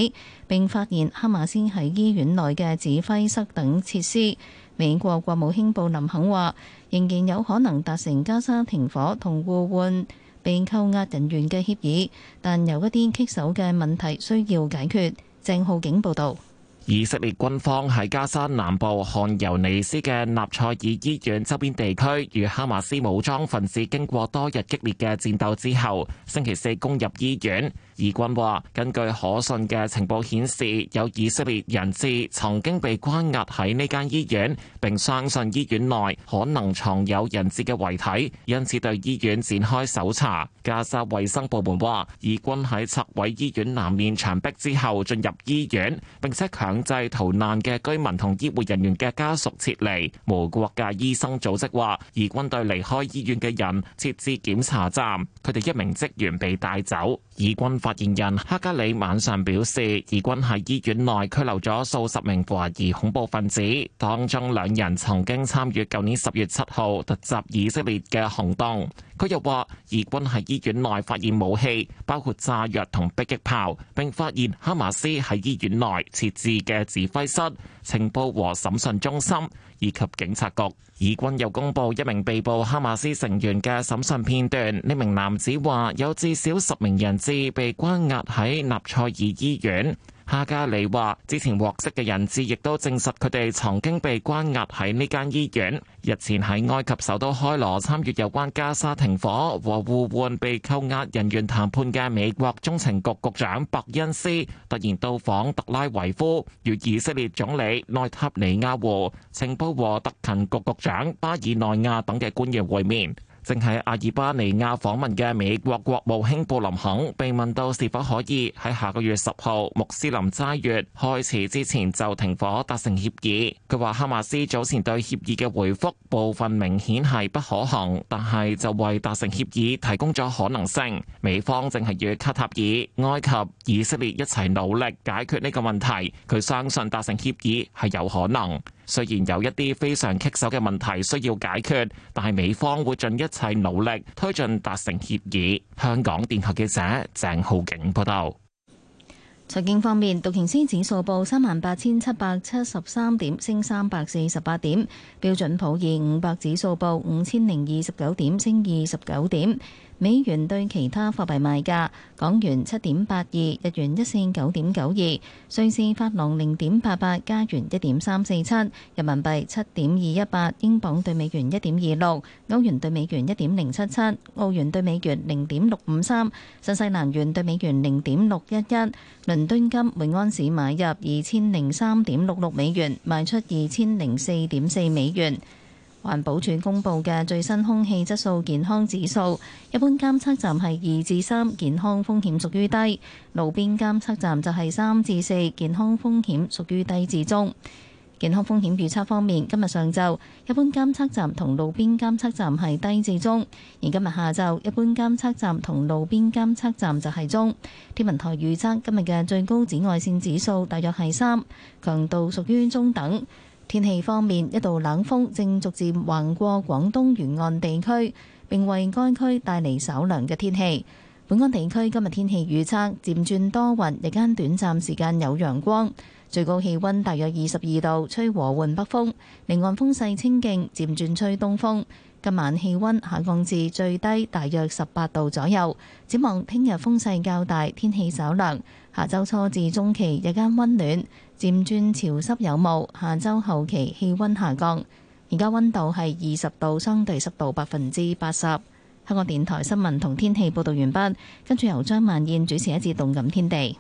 並發現哈馬斯喺醫院內嘅指揮室等設施。美國國務卿布林肯話，仍然有可能達成加沙停火同互換被扣押人員嘅協議，但有一啲棘手嘅問題需要解決。鄭浩景報道，以色列軍方喺加沙南部汗尤尼斯嘅納賽爾醫院周邊地區，與哈馬斯武裝分子經過多日激烈嘅戰鬥之後，星期四攻入醫院。以軍話：根據可信嘅情報顯示，有以色列人質曾經被關押喺呢間醫院，並相信醫院內可能藏有人質嘅遺體，因此對醫院展開搜查。加沙衛生部門話，以軍喺拆毀醫院南面牆壁之後進入醫院，並且強制逃難嘅居民同醫護人員嘅家屬撤離。無國界醫生組織話，以軍對離開醫院嘅人設置檢查站，佢哋一名職員被帶走。以軍發言人克加里晚上表示，以軍喺醫院內拘留咗數十名懷疑恐怖分子，當中兩人曾經參與舊年十月七號突襲以色列嘅行動。佢又話：以軍喺醫院內發現武器，包括炸藥同迫擊炮，並發現哈馬斯喺醫院內設置嘅指揮室、情報和審訊中心，以及警察局。以軍又公布一名被捕哈馬斯成員嘅審訊片段，呢名男子話有至少十名人質被關押喺納賽爾醫院。哈加里話之前獲釋嘅人質亦都證實佢哋曾經被關押喺呢間醫院。日前喺埃及首都開羅參與有關加沙停火和互換被扣押人員談判嘅美國中情局局長伯恩斯突然到訪特拉維夫，與以色列總理內塔尼亞胡、情報和特勤局局長巴爾內亞等嘅官員會面。正喺阿爾巴尼亞訪問嘅美國國務卿布林肯，被問到是否可以喺下個月十號穆斯林齋月開始之前就停火達成協議。佢話哈馬斯早前對協議嘅回覆部分明顯係不可行，但係就為達成協議提供咗可能性。美方正係與卡塔爾、埃及、以色列一齊努力解決呢個問題。佢相信達成協議係有可能。雖然有一啲非常棘手嘅問題需要解決，但係美方會盡一切努力推進達成協議。香港電台記者鄭浩景報道。財經方面，道瓊斯指數報三萬八千七百七十三點，升三百四十八點；標準普爾五百指數報五千零二十九點，升二十九點。美元對其他貨幣賣價：港元七點八二，日元一四九九點九二，瑞士法郎零點八八，加元一點三四七，人民幣七點二一八，英鎊對美元一點二六，歐元對美元一點零七七，澳元對美元零點六五三，新西蘭元對美元零點六一一。倫敦金每安士買入二千零三點六六美元，賣出二千零四點四美元。環保署公布嘅最新空氣質素健康指數，一般監測站係二至三，健康風險屬於低；路邊監測站就係三至四，健康風險屬於低至中。健康風險預測方面，今日上晝一般監測站同路邊監測站係低至中，而今日下晝一般監測站同路邊監測站就係中。天文台預測今日嘅最高紫外線指數大約係三，強度屬於中等。天氣方面，一道冷鋒正逐漸橫過廣東沿岸地區，並為該區帶嚟稍涼嘅天氣。本港地區今日天氣預測漸轉多雲，日間短暫時間有陽光，最高氣溫大約二十二度，吹和緩北風。離岸風勢清勁，漸轉吹東風。今晚氣溫下降至最低大約十八度左右。展望聽日風勢較大，天氣稍涼。下周初至中期日間溫暖。漸轉潮濕有霧，下周後期氣温下降。而家温度係二十度，相對濕度百分之八十。香港電台新聞同天氣報道完畢，跟住由張曼燕主持一次動感天地。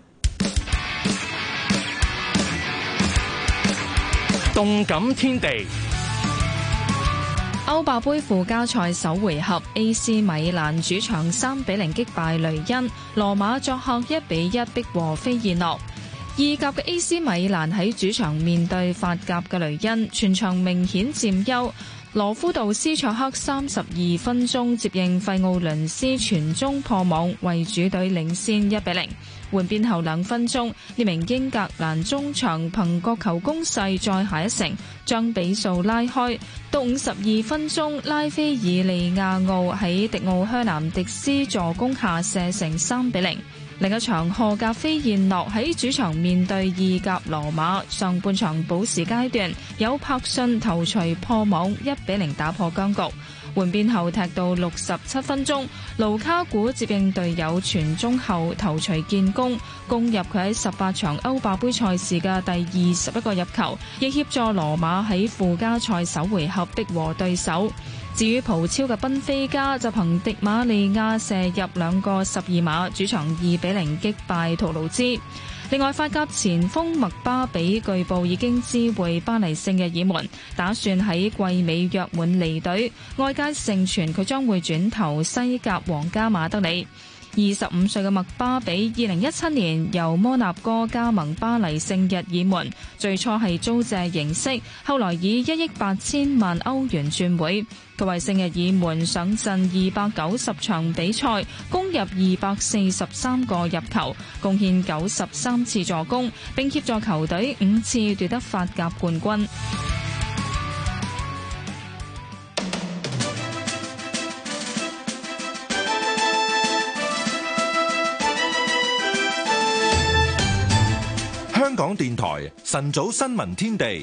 動感天地，天地歐霸杯附加賽首回合，AC 米蘭主場三比零擊敗雷恩，羅馬作客一比一逼和飛燕諾。意甲嘅 AC 米蘭喺主場面對法甲嘅雷恩，全場明顯佔優。羅夫道斯卓克三十二分鐘接應費奧倫斯傳中破網，為主隊領先一比零。換邊後兩分鐘，呢名英格蘭中場憑角球攻勢再下一城，將比數拉開。到五十二分鐘，拉菲爾利亞奧喺迪奧香南迪斯助攻下射成三比零。另一場荷甲飛燕諾喺主場面對意甲羅馬，上半場補時階段有柏信頭槌破網，一比零打破僵局。換邊後踢到六十七分鐘，盧卡古接應隊友傳中後頭槌建功，攻入佢喺十八場歐霸杯賽事嘅第二十一個入球，亦協助羅馬喺附加賽首回合逼和對手。至於葡超嘅賓菲加就憑迪馬利亞射入兩個十二碼，主場二比零擊敗圖盧茲。另外，法甲前鋒麥巴比據報已經知會巴黎聖日耳門，打算喺季尾約滿離隊。外界盛傳佢將會轉投西甲皇家馬德里。二十五歲嘅麥巴比，二零一七年由摩納哥加盟巴黎聖日耳門，最初係租借形式，後來以一億八千萬歐元轉會。佢為聖日耳門上陣二百九十場比賽，攻入二百四十三個入球，貢獻九十三次助攻，並協助球隊五次奪得法甲冠軍。香港電台晨早新聞天地，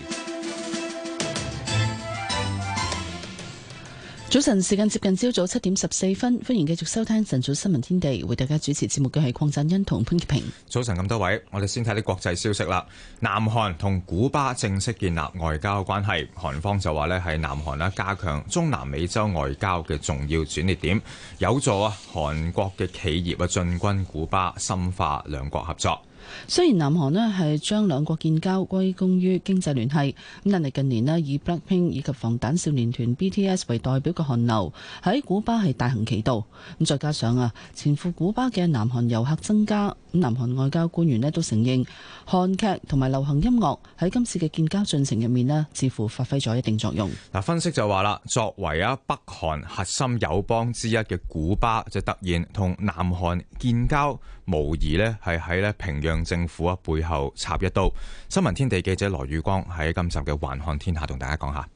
早晨時間接近朝早七點十四分，歡迎繼續收聽晨早新聞天地，為大家主持節目嘅係鄺振欣同潘潔平。早晨咁多位，我哋先睇啲國際消息啦。南韓同古巴正式建立外交關係，韓方就話咧係南韓啦加強中南美洲外交嘅重要轉捩點，有助啊韓國嘅企業啊進軍古巴，深化兩國合作。雖然南韓咧係將兩國建交歸功於經濟聯繫，咁但係近年咧以 BLACKPINK 以及防彈少年團 BTS 為代表嘅韓流喺古巴係大行其道，咁再加上啊前赴古巴嘅南韓遊客增加，咁南韓外交官員咧都承認韓劇同埋流行音樂喺今次嘅建交進程入面咧，似乎發揮咗一定作用。嗱，分析就話啦，作為啊北韓核心友邦之一嘅古巴，就突然同南韓建交。無疑咧係喺咧平壤政府啊背後插一刀。新聞天地記者羅宇光喺今集嘅《環看天下》同大家講下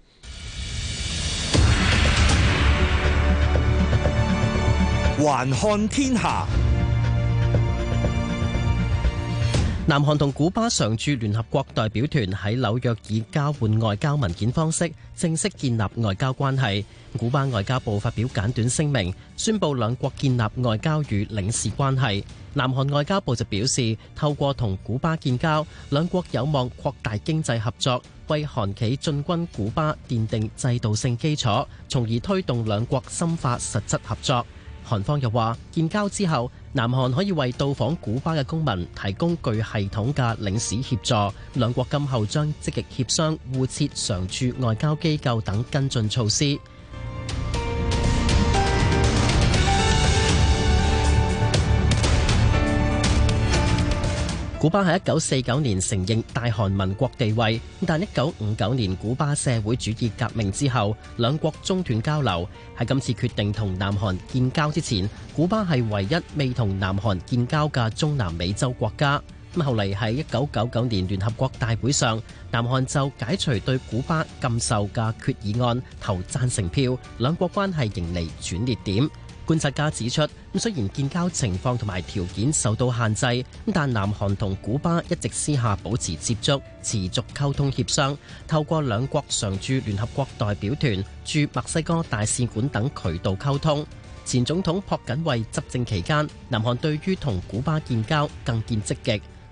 《環看天下》。南韓同古巴常駐聯合國代表團喺紐約以交換外交文件方式正式建立外交關係。古巴外交部發表簡短聲明，宣布兩國建立外交與領事關係。南韓外交部就表示，透過同古巴建交，兩國有望擴大經濟合作，為韓企進軍古巴奠定制度性基礎，從而推動兩國深化實質合作。韓方又話，建交之後，南韓可以為到訪古巴嘅公民提供具系統嘅領事協助，兩國今後將積極協商、互設常駐外交機構等跟進措施。古巴喺一九四九年承認大韓民國地位，但一九五九年古巴社會主義革命之後，兩國中斷交流。喺今次決定同南韓建交之前，古巴係唯一未同南韓建交嘅中南美洲國家。咁後嚟喺一九九九年聯合國大會上，南韓就解除對古巴禁售嘅決議案，投贊成票，兩國關係迎嚟轉捩點。觀察家指出，咁雖然建交情況同埋條件受到限制，但南韓同古巴一直私下保持接觸，持續溝通協商，透過兩國常駐聯合國代表團、駐墨西哥大使館等渠道溝通。前總統朴槿惠執政期間，南韓對於同古巴建交更見積極。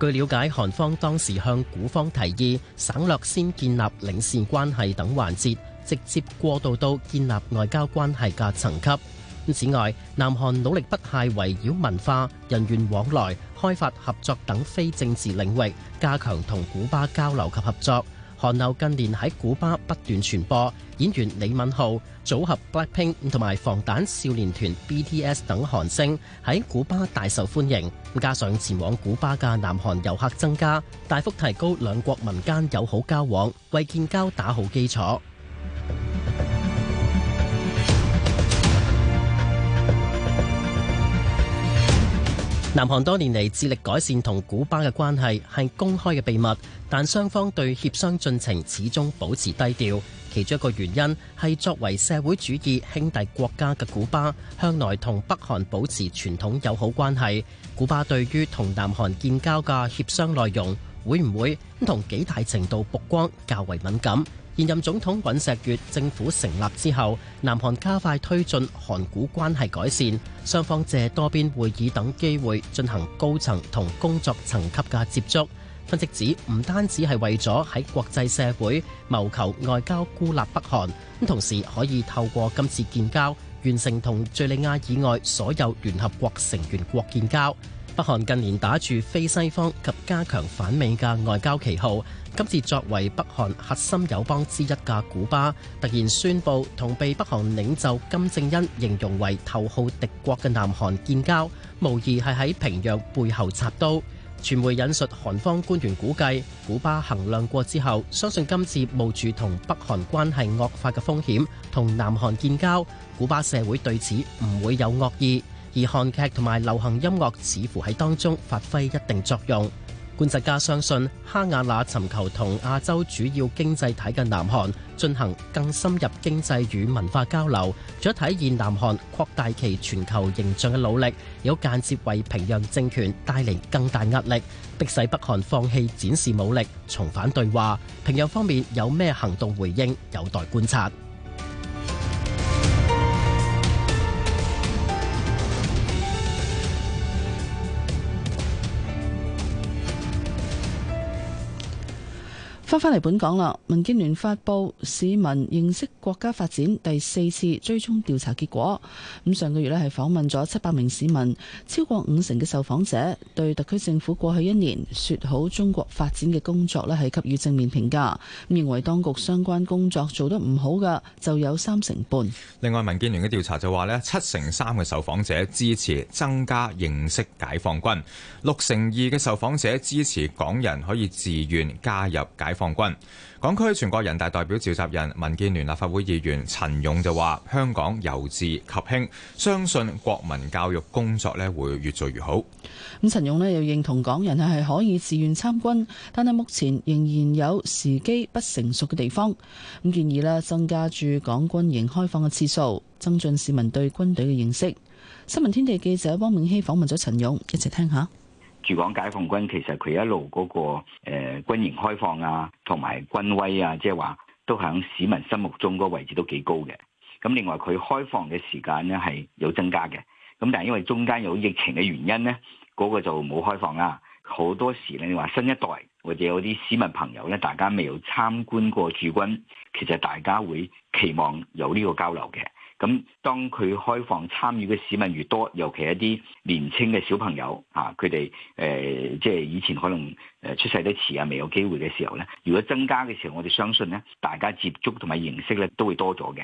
據了解，韓方當時向古方提議省略先建立領事關係等環節，直接過渡到建立外交關係嘅層級。此外，南韓努力不懈圍繞文化、人員往來、開發合作等非政治領域，加強同古巴交流及合作。韓流近年喺古巴不斷傳播，演員李敏鎬、組合 BLACKPINK 同埋防彈少年團 BTS 等韓星喺古巴大受歡迎。加上前往古巴嘅南韓遊客增加，大幅提高兩國民間友好交往，為建交打好基礎。南韓多年嚟致力改善同古巴嘅關係係公開嘅秘密，但雙方對協商進程始終保持低調。其中一個原因係作為社會主義兄弟國家嘅古巴，向來同北韓保持傳統友好關係。古巴對於同南韓建交嘅協商內容，會唔會咁同幾大程度曝光較為敏感？現任總統尹錫悦政府成立之後，南韓加快推進韓古關係改善，雙方借多邊會議等機會進行高層同工作層級嘅接觸。分析指，唔單止係為咗喺國際社會謀求外交孤立北韓，咁同時可以透過今次建交，完成同敍利亞以外所有聯合國成員國建交。北韓近年打住非西方及加強反美嘅外交旗號，今次作為北韓核心友邦之一嘅古巴，突然宣布同被北韓領袖金正恩形容為頭號敵國嘅南韓建交，無疑係喺平壤背後插刀。傳媒引述韓方官員估計，古巴衡量過之後，相信今次冒住同北韓關係惡化嘅風險同南韓建交，古巴社會對此唔會有惡意。而韓劇同埋流行音樂似乎喺當中發揮一定作用。觀察家相信，哈瓦那尋求同亞洲主要經濟體嘅南韓進行更深入經濟與文化交流，除咗體現南韓擴大其全球形象嘅努力，有間接為平壤政權帶嚟更大壓力，迫使北韓放棄展示武力，重返對話。平壤方面有咩行動回應，有待觀察。翻翻嚟本港啦，民建聯發佈市民認識國家發展第四次追蹤調查結果。咁上個月咧係訪問咗七百名市民，超過五成嘅受訪者對特區政府過去一年說好中國發展嘅工作咧係給予正面評價。咁認為當局相關工作做得唔好嘅就有三成半。另外，民建聯嘅調查就話咧，七成三嘅受訪者支持增加認識解放軍，六成二嘅受訪者支持港人可以自願加入解放軍。防軍，港區全國人大代表召集人、民建聯立法會議員陳勇就話：香港由治及興，相信國民教育工作呢會越做越好。咁陳勇呢又認同港人係可以自願參軍，但係目前仍然有時機不成熟嘅地方，咁建議呢增加駐港軍營開放嘅次數，增進市民對軍隊嘅認識。新聞天地記者汪永熙訪問咗陳勇，一齊聽一下。駐港解放軍其實佢一路嗰、那個誒、呃、軍營開放啊，同埋軍威啊，即係話都喺市民心目中嗰個位置都幾高嘅。咁另外佢開放嘅時間呢係有增加嘅。咁但係因為中間有疫情嘅原因呢，嗰、那個就冇開放啦。好多時咧，你話新一代或者有啲市民朋友咧，大家未有參觀過駐軍，其實大家會期望有呢個交流嘅。咁當佢開放參與嘅市民越多，尤其一啲年輕嘅小朋友，吓佢哋誒即係以前可能誒出世得遲啊，未有機會嘅時候咧，如果增加嘅時候，我哋相信咧，大家接觸同埋認識咧都會多咗嘅。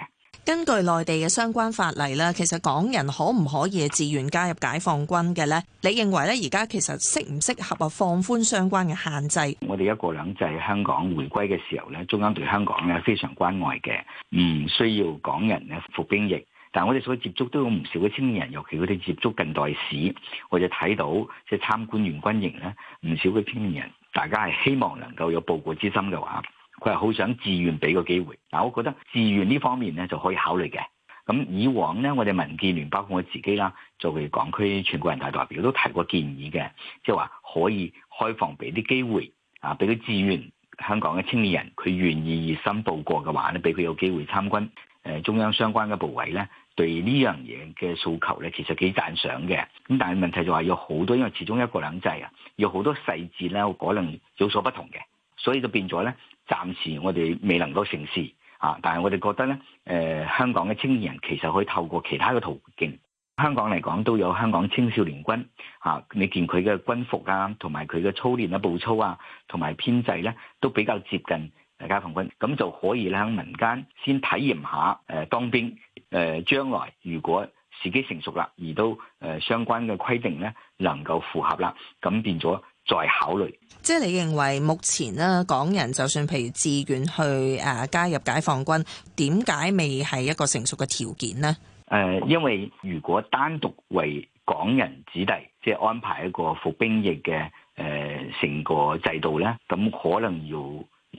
根據內地嘅相關法例啦，其實港人可唔可以自願加入解放軍嘅呢？你認為咧而家其實適唔適合啊放寬相關嘅限制？我哋一國兩制，香港回歸嘅時候咧，中央對香港咧非常關愛嘅，唔需要港人咧服兵役。但係我哋所接觸都有唔少嘅青年人，尤其佢哋接觸近代史，或者睇到即係參觀完軍營咧，唔少嘅青年人，大家係希望能夠有報國之心嘅話。佢係好想自願俾個機會，嗱，我覺得自願呢方面咧就可以考慮嘅。咁以往咧，我哋民建聯包括我自己啦，作為港區全國人大代表都提過建議嘅，即係話可以開放俾啲機會，啊，俾佢自願香港嘅青年人，佢願意熱心報國嘅話咧，俾佢有機會參軍。誒，中央相關嘅部委咧，對呢樣嘢嘅訴求咧，其實幾讚賞嘅。咁但係問題就話有好多，因為始終一國兩制啊，有好多細節咧，可能有所不同嘅，所以就變咗咧。暫時我哋未能夠成事啊！但係我哋覺得咧，誒、呃、香港嘅青年人其實可以透過其他嘅途徑。香港嚟講都有香港青少年軍啊！你見佢嘅軍服啊，同埋佢嘅操練啊、步操啊，同埋編制咧，都比較接近解放軍，咁就可以喺民間先體驗下誒、呃、當兵。誒、呃、將來如果時機成熟啦，而都誒、呃、相關嘅規定咧能夠符合啦，咁變咗。再考慮，即係你認為目前呢港人就算譬如志願去誒、啊、加入解放軍，點解未係一個成熟嘅條件呢？誒、呃，因為如果單獨為港人子弟，即係安排一個服兵役嘅誒成個制度咧，咁可能要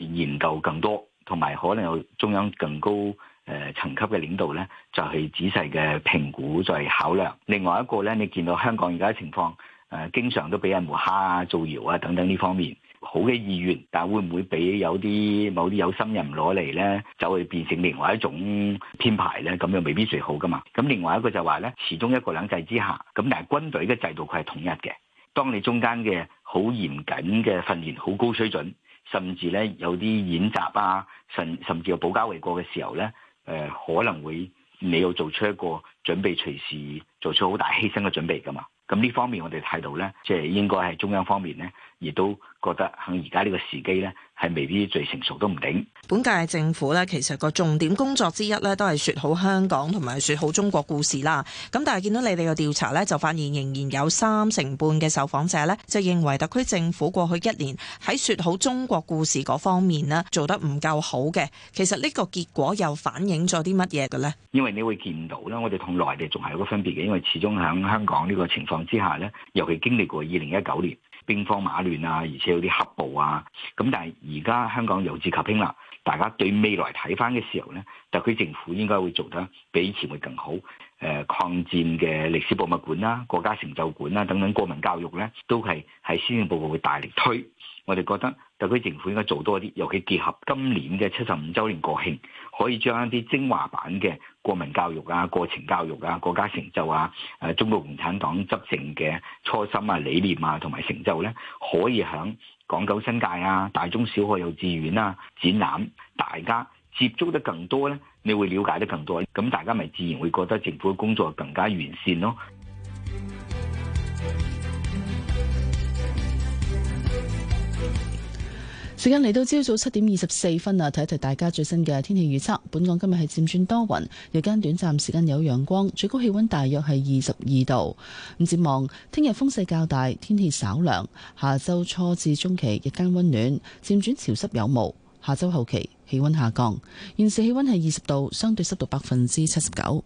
研究更多，同埋可能有中央更高誒層級嘅領導咧，就係仔細嘅評估再考量。另外一個咧，你見到香港而家嘅情況。誒、啊、經常都俾人抹黑啊、造謠啊等等呢方面好嘅意願，但會唔會俾有啲某啲有心人攞嚟咧，就去變成另外一種編排咧？咁樣未必最好噶嘛。咁另外一個就話咧，始中一個兩制之下，咁但係軍隊嘅制度佢係統一嘅。當你中間嘅好嚴謹嘅訓練、好高水準，甚至咧有啲演習啊，甚甚至有保家衛國嘅時候咧，誒、呃、可能會你要做出一個準備，隨時做出好大犧牲嘅準備噶嘛。咁呢方面我哋睇到咧，即係應該係中央方面咧。亦都覺得喺而家呢個時機呢，係未必最成熟都唔定。本屆政府呢，其實個重點工作之一呢，都係説好香港同埋説好中國故事啦。咁但係見到你哋個調查呢，就發現仍然有三成半嘅受訪者呢，就認為特區政府過去一年喺説好中國故事嗰方面呢，做得唔夠好嘅。其實呢個結果又反映咗啲乜嘢嘅呢？因為你會見到呢，我哋同內地仲係有個分別嘅，因為始終喺香港呢個情況之下呢，尤其經歷過二零一九年。兵荒馬亂啊，而且有啲黑暴啊，咁但係而家香港由治及興啦，大家對未來睇翻嘅時候咧，特區政府應該會做得比以前會更好。誒、呃，抗戰嘅歷史博物館啦、啊、國家成就館啦、啊、等等國民教育咧，都係喺宣傳部部會大力推。我哋覺得特區政府應該做多啲，尤其結合今年嘅七十五週年國慶，可以將一啲精華版嘅。國民教育啊，過程教育啊，國家成就啊，誒、啊、中國共產黨執政嘅初心啊、理念啊，同埋成就咧，可以喺港九新界啊、大中小學、幼稚園啊展覽，大家接觸得更多咧，你會了解得更多，咁大家咪自然會覺得政府嘅工作更加完善咯。時間嚟到朝早七點二十四分啦，睇一睇大家最新嘅天氣預測。本港今日係漸轉多雲，日間短暫時間有陽光，最高氣溫大約係二十二度。咁展望，聽日風勢較大，天氣稍涼。下周初至中期日間溫暖，漸轉潮濕有霧。下周後期氣溫下降。現時氣溫係二十度，相對濕度百分之七十九。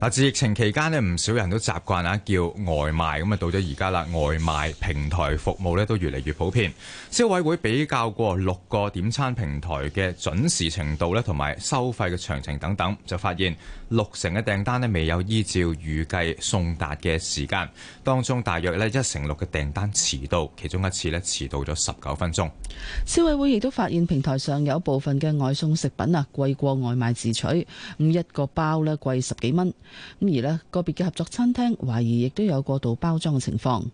嗱，自疫情期間咧，唔少人都習慣啊叫外賣咁啊。到咗而家啦，外賣平台服務咧都越嚟越普遍。消委會比較過六個點餐平台嘅準時程度咧，同埋收費嘅詳情等等，就發現六成嘅訂單咧未有依照預計送達嘅時間。當中大約咧一成六嘅訂單遲到，其中一次咧遲到咗十九分鐘。消委會亦都發現平台上有部分嘅外送食品啊貴過外賣自取，咁一個包咧貴十幾蚊。咁而呢，個別嘅合作餐廳懷疑亦都有過度包裝嘅情況。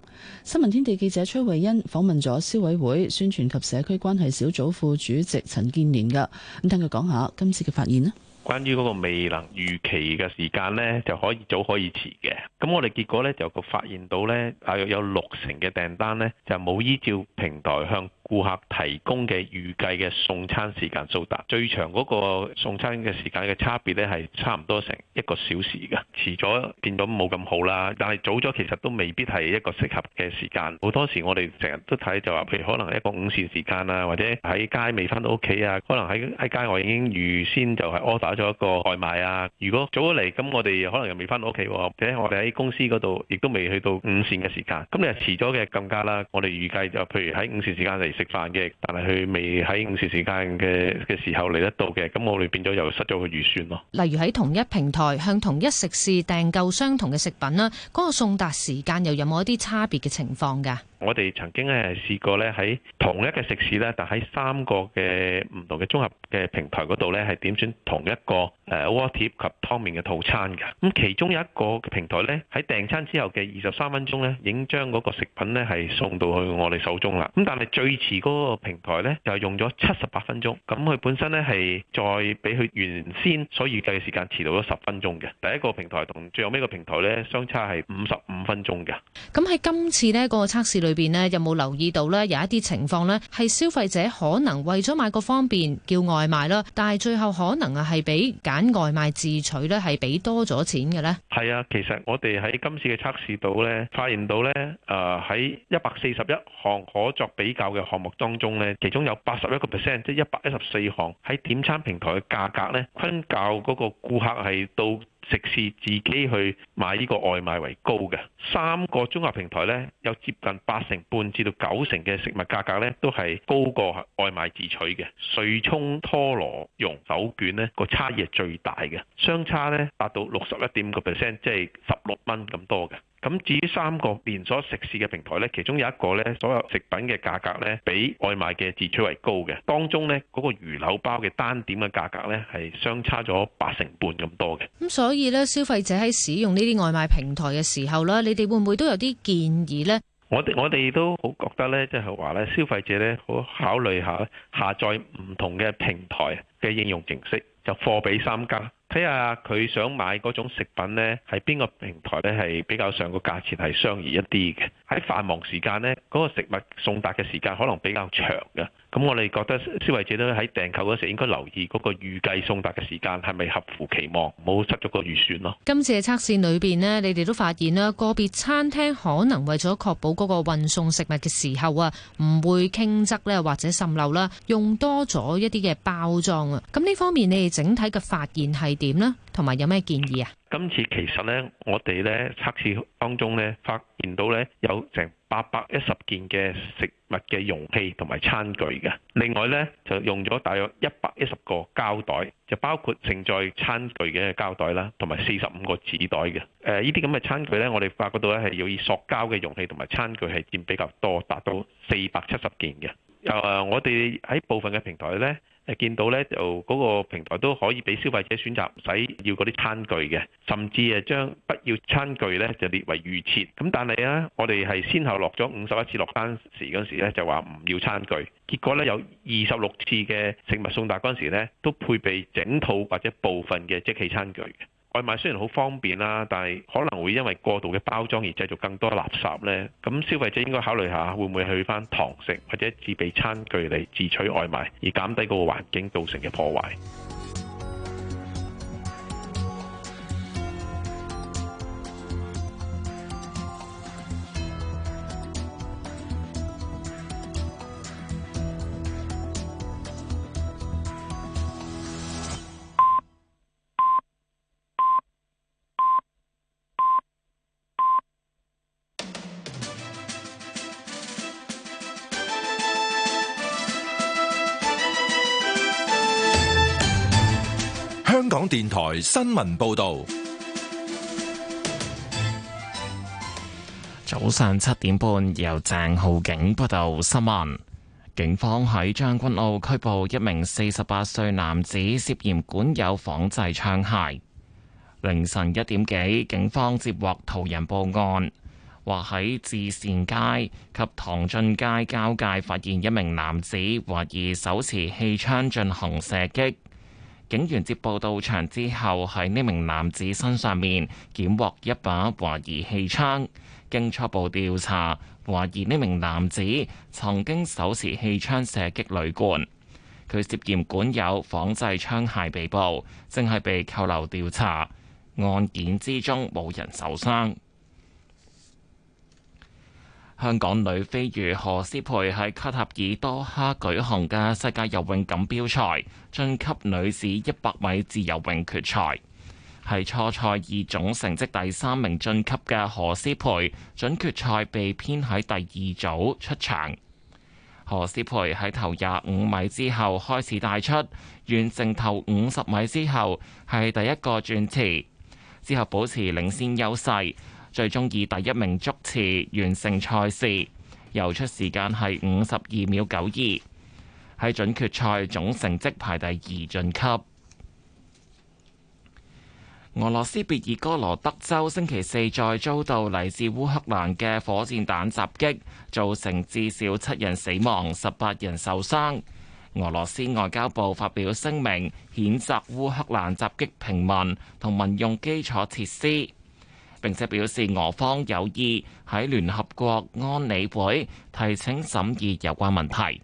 新聞天地記者崔慧恩訪問咗消委會宣傳及社區關係小組副主席陳建年㗎，咁聽佢講下今次嘅發現啦。關於嗰個未能預期嘅時間呢，就可以早可以遲嘅。咁我哋結果呢，就個發現到呢，大約有六成嘅訂單呢，就冇依照平台向。顧客提供嘅預計嘅送餐時間，數達最長嗰個送餐嘅時間嘅差別咧，係差唔多成一個小時㗎，遲咗變咗冇咁好啦，但係早咗其實都未必係一個適合嘅時間。好多時我哋成日都睇就話，譬如可能一個午膳時間啊，或者喺街未翻到屋企啊，可能喺喺街外已經預先就係 order 咗一個外賣啊。如果早咗嚟咁，我哋可能又未翻到屋企，或者我哋喺公司嗰度亦都未去到午膳嘅時間。咁你係遲咗嘅更加啦。我哋預計就譬如喺午膳時間嚟。食飯嘅，但係佢未喺午市時間嘅嘅時候嚟得到嘅，咁我哋變咗又失咗個預算咯。例如喺同一平台向同一食肆訂購相同嘅食品啦，嗰、嗰個送達時間又有冇一啲差別嘅情況噶？我哋曾經咧試過咧喺同一個食肆咧，但喺三個嘅唔同嘅綜合嘅平台嗰度咧，係點選同一個誒鍋貼及湯麵嘅套餐嘅。咁其中有一個平台咧，喺訂餐之後嘅二十三分鐘咧，已經將嗰個食品咧係送到去我哋手中啦。咁但係最遲嗰個平台咧，就係用咗七十八分鐘。咁佢本身咧係再比佢原先所預計嘅時間遲到咗十分鐘嘅。第一個平台同最後尾個平台咧相差係五十五分鐘嘅。咁喺今次呢個測試裏邊咧有冇留意到咧？有一啲情況咧，係消費者可能為咗買個方便叫外賣啦，但係最後可能啊係俾揀外賣自取咧，係俾多咗錢嘅咧。係啊，其實我哋喺今次嘅測試到咧，發現到咧，誒喺一百四十一項可作比較嘅項目當中咧，其中有八十一個 percent，即係一百一十四項喺點餐平台嘅價格咧，均較嗰個顧客係到。食肆自己去買呢個外賣為高嘅。三個綜合平台呢，有接近八成半至到九成嘅食物價格呢都係高過外賣自取嘅。瑞充、拖羅、用手卷呢、呢個差異係最大嘅，相差呢達到六十一點五個 percent，即係十六蚊咁多嘅。咁至於三個連鎖食肆嘅平台呢，其中有一個呢，所有食品嘅價格呢，比外賣嘅自取為高嘅。當中呢，嗰個魚柳包嘅單點嘅價格呢，係相差咗八成半咁多嘅。咁 <noise> 所以呢，消費者喺使用呢啲外賣平台嘅時候咧，你哋會唔會都有啲建議呢？我哋我哋都好覺得呢，即係話呢，消費者呢，好考慮下下載唔同嘅平台嘅應用程式，就貨比三家。睇下佢想買嗰種食品咧，係邊個平台咧係比較上個價錢係相宜一啲嘅。喺繁忙時間咧，嗰個食物送達嘅時間可能比較長嘅。咁我哋覺得消費者都喺訂購嗰時應該留意嗰個預計送達嘅時間，係咪合乎期望，唔好失足個預算咯。今次嘅測試裏邊咧，你哋都發現啦，個別餐廳可能為咗確保嗰個運送食物嘅時候啊，唔會傾側咧或者滲漏啦，用多咗一啲嘅包裝啊。咁呢方面你哋整體嘅發現係點咧？同埋有咩建議啊？今次其實呢，我哋呢測試當中呢，發現到呢，有成八百一十件嘅食物嘅容器同埋餐具嘅。另外呢，就用咗大約一百一十個膠袋，就包括盛載餐具嘅膠袋啦，同埋四十五個紙袋嘅。誒、呃，呢啲咁嘅餐具呢，我哋發嗰到發覺到呢，係要以塑膠嘅容器同埋餐具係占比較多，達到四百七十件嘅。又、呃、誒，我哋喺部分嘅平台呢。誒見到咧，就嗰個平台都可以俾消費者選擇唔使要嗰啲餐具嘅，甚至係將不要餐具咧就列為預設。咁但係咧，我哋係先後落咗五十一次落單時嗰時咧，就話唔要餐具，結果咧有二十六次嘅食物送達嗰陣時咧，都配備整套或者部分嘅即棄餐具嘅。外賣雖然好方便啦，但係可能會因為過度嘅包裝而製造更多垃圾呢，咁消費者應該考慮下，會唔會去返堂食或者自備餐具嚟自取外賣，而減低嗰個環境造成嘅破壞。電台新聞報道：早上七點半，由鄭浩景報道新聞。警方喺將軍澳拘捕一名四十八歲男子，涉嫌管有仿製槍械。凌晨一點幾，警方接獲途人報案，話喺至善街及唐俊街交界發現一名男子懷疑手持氣槍進行射擊。警員接報到場之後，喺呢名男子身上面檢獲一把懷疑氣槍，經初步調查，懷疑呢名男子曾經手持氣槍射擊旅館，佢涉嫌管有仿製槍械被捕，正係被扣留調查。案件之中冇人受傷。香港女飛魚何詩蓓喺卡塔爾多哈舉行嘅世界游泳錦標賽晉級女子一百米自由泳決賽，係初賽以總成績第三名晉級嘅何詩蓓，準決賽被編喺第二組出場。何詩蓓喺頭廿五米之後開始帶出，完成頭五十米之後係第一個轉池，之後保持領先優勢。最終以第一名足次完成賽事，游出時間係五十二秒九二，喺準決賽總成績排第二晉級。俄羅斯別爾哥羅德州星期四再遭到嚟自烏克蘭嘅火箭彈襲擊，造成至少七人死亡，十八人受傷。俄羅斯外交部發表聲明，譴責烏克蘭襲擊平民同民用基礎設施。並且表示俄方有意喺聯合國安理會提請審議有關問題。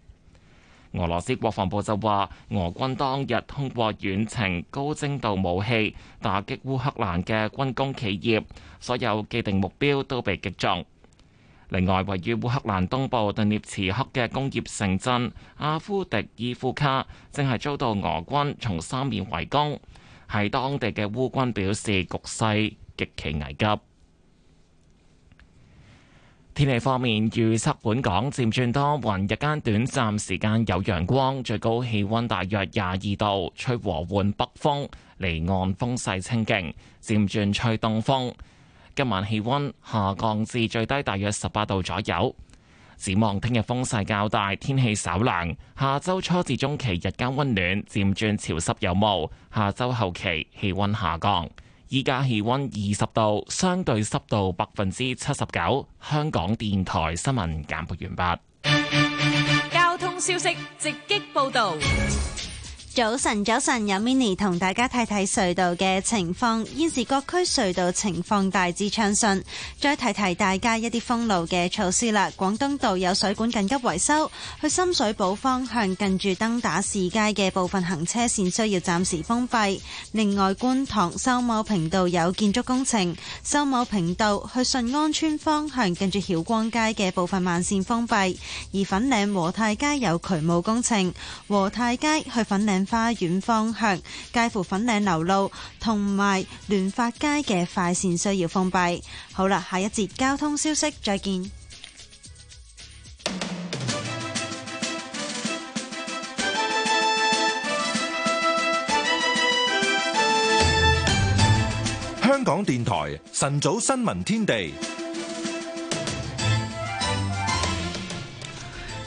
俄羅斯國防部就話，俄軍當日通過遠程高精度武器打擊烏克蘭嘅軍工企業，所有既定目標都被擊中。另外，位於烏克蘭東部頓涅茨克嘅工業城鎮阿夫迪伊夫卡正係遭到俄軍從三面圍攻，喺當地嘅烏軍表示局勢極其危急。天氣方面，預測，本港漸轉多雲，日間短暫時間有陽光，最高氣溫大約廿二度，吹和緩北風，離岸風勢清勁，漸轉吹東風。今晚氣溫下降至最低大約十八度左右。展望聽日風勢較大，天氣稍涼。下周初至中期日間溫暖，漸轉潮濕有霧。下周後期氣溫下降。依家氣溫二十度，相對濕度百分之七十九。香港電台新聞簡報完畢。交通消息直擊報道。早晨，早晨，有 mini 同大家睇睇隧道嘅情況。現時各區隧道情況大致暢順，再提提大家一啲封路嘅措施啦。廣東道有水管緊急維修，去深水埗方向近住登打士街嘅部分行車線需要暫時封閉。另外，觀塘秀茂坪道有建築工程，秀茂坪道去順安邨方向近住曉光街嘅部分慢線封閉。而粉嶺和泰街有渠務工程，和泰街去粉嶺花園方向，介乎粉嶺樓路同埋聯發街嘅快線需要封閉。好啦，下一節交通消息再見。香港電台晨早新聞天地。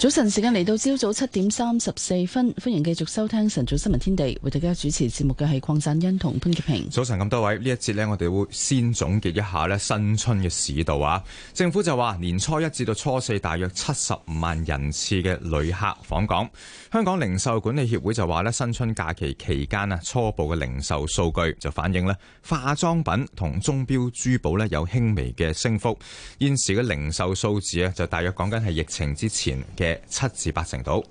早晨時間嚟到朝早七點三十四分，歡迎繼續收聽晨早新聞天地。為大家主持節目嘅係鄺贊恩同潘潔平。早晨咁多位，呢一節呢，我哋會先總結一下咧新春嘅市道啊。政府就話年初一至到初四，大約七十五萬人次嘅旅客訪港。香港零售管理協會就話咧，新春假期期間啊，初步嘅零售數據就反映呢化妝品同鐘表珠寶咧有輕微嘅升幅。現時嘅零售數字啊，就大約講緊係疫情之前嘅。七至八成度。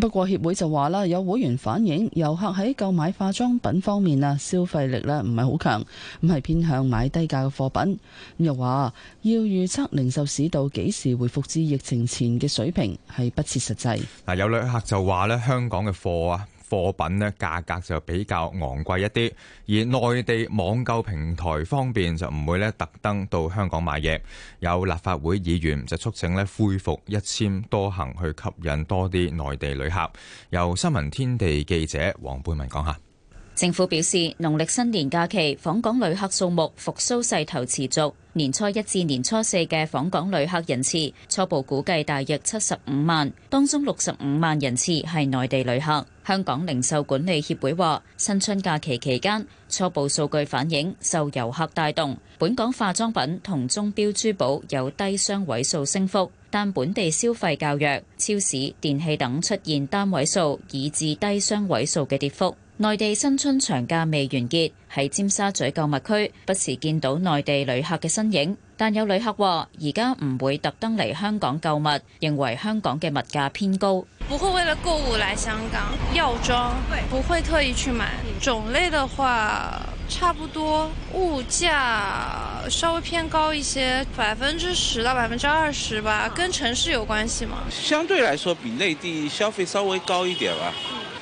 不過協會就話啦，有會員反映遊客喺購買化妝品方面啊，消費力咧唔係好強，唔係偏向買低價嘅貨品。又話要預測零售市道幾時回復至疫情前嘅水平，係不切實際。啊，有旅客就話咧，香港嘅貨啊。貨品咧，價格就比較昂貴一啲，而內地網購平台方便，就唔會咧特登到香港買嘢。有立法會議員就促請咧，恢復一簽多行去吸引多啲內地旅客。由新聞天地記者黃貝文講下。政府表示，農曆新年假期訪港旅客數目復蘇勢頭持續。年初一至年初四嘅訪港旅客人次初步估計大約七十五萬當中六十五萬人次係內地旅客。香港零售管理協會話新春假期期間初步數據反映受遊客帶動，本港化妝品同鐘錶珠寶有低雙位數升幅，但本地消費較弱，超市、電器等出現單位數以至低雙位數嘅跌幅。內地新春長假未完結，喺尖沙咀購物區不時見到內地旅客嘅身影，但有旅客話：而家唔會特登嚟香港購物，認為香港嘅物價偏高。不會為了購物嚟香港，藥妝不會特意去買。種類的話，差不多，物價稍微偏高一些，百分之十到百分之二十吧。跟城市有關係嗎？相對來說，比內地消費稍微高一點吧。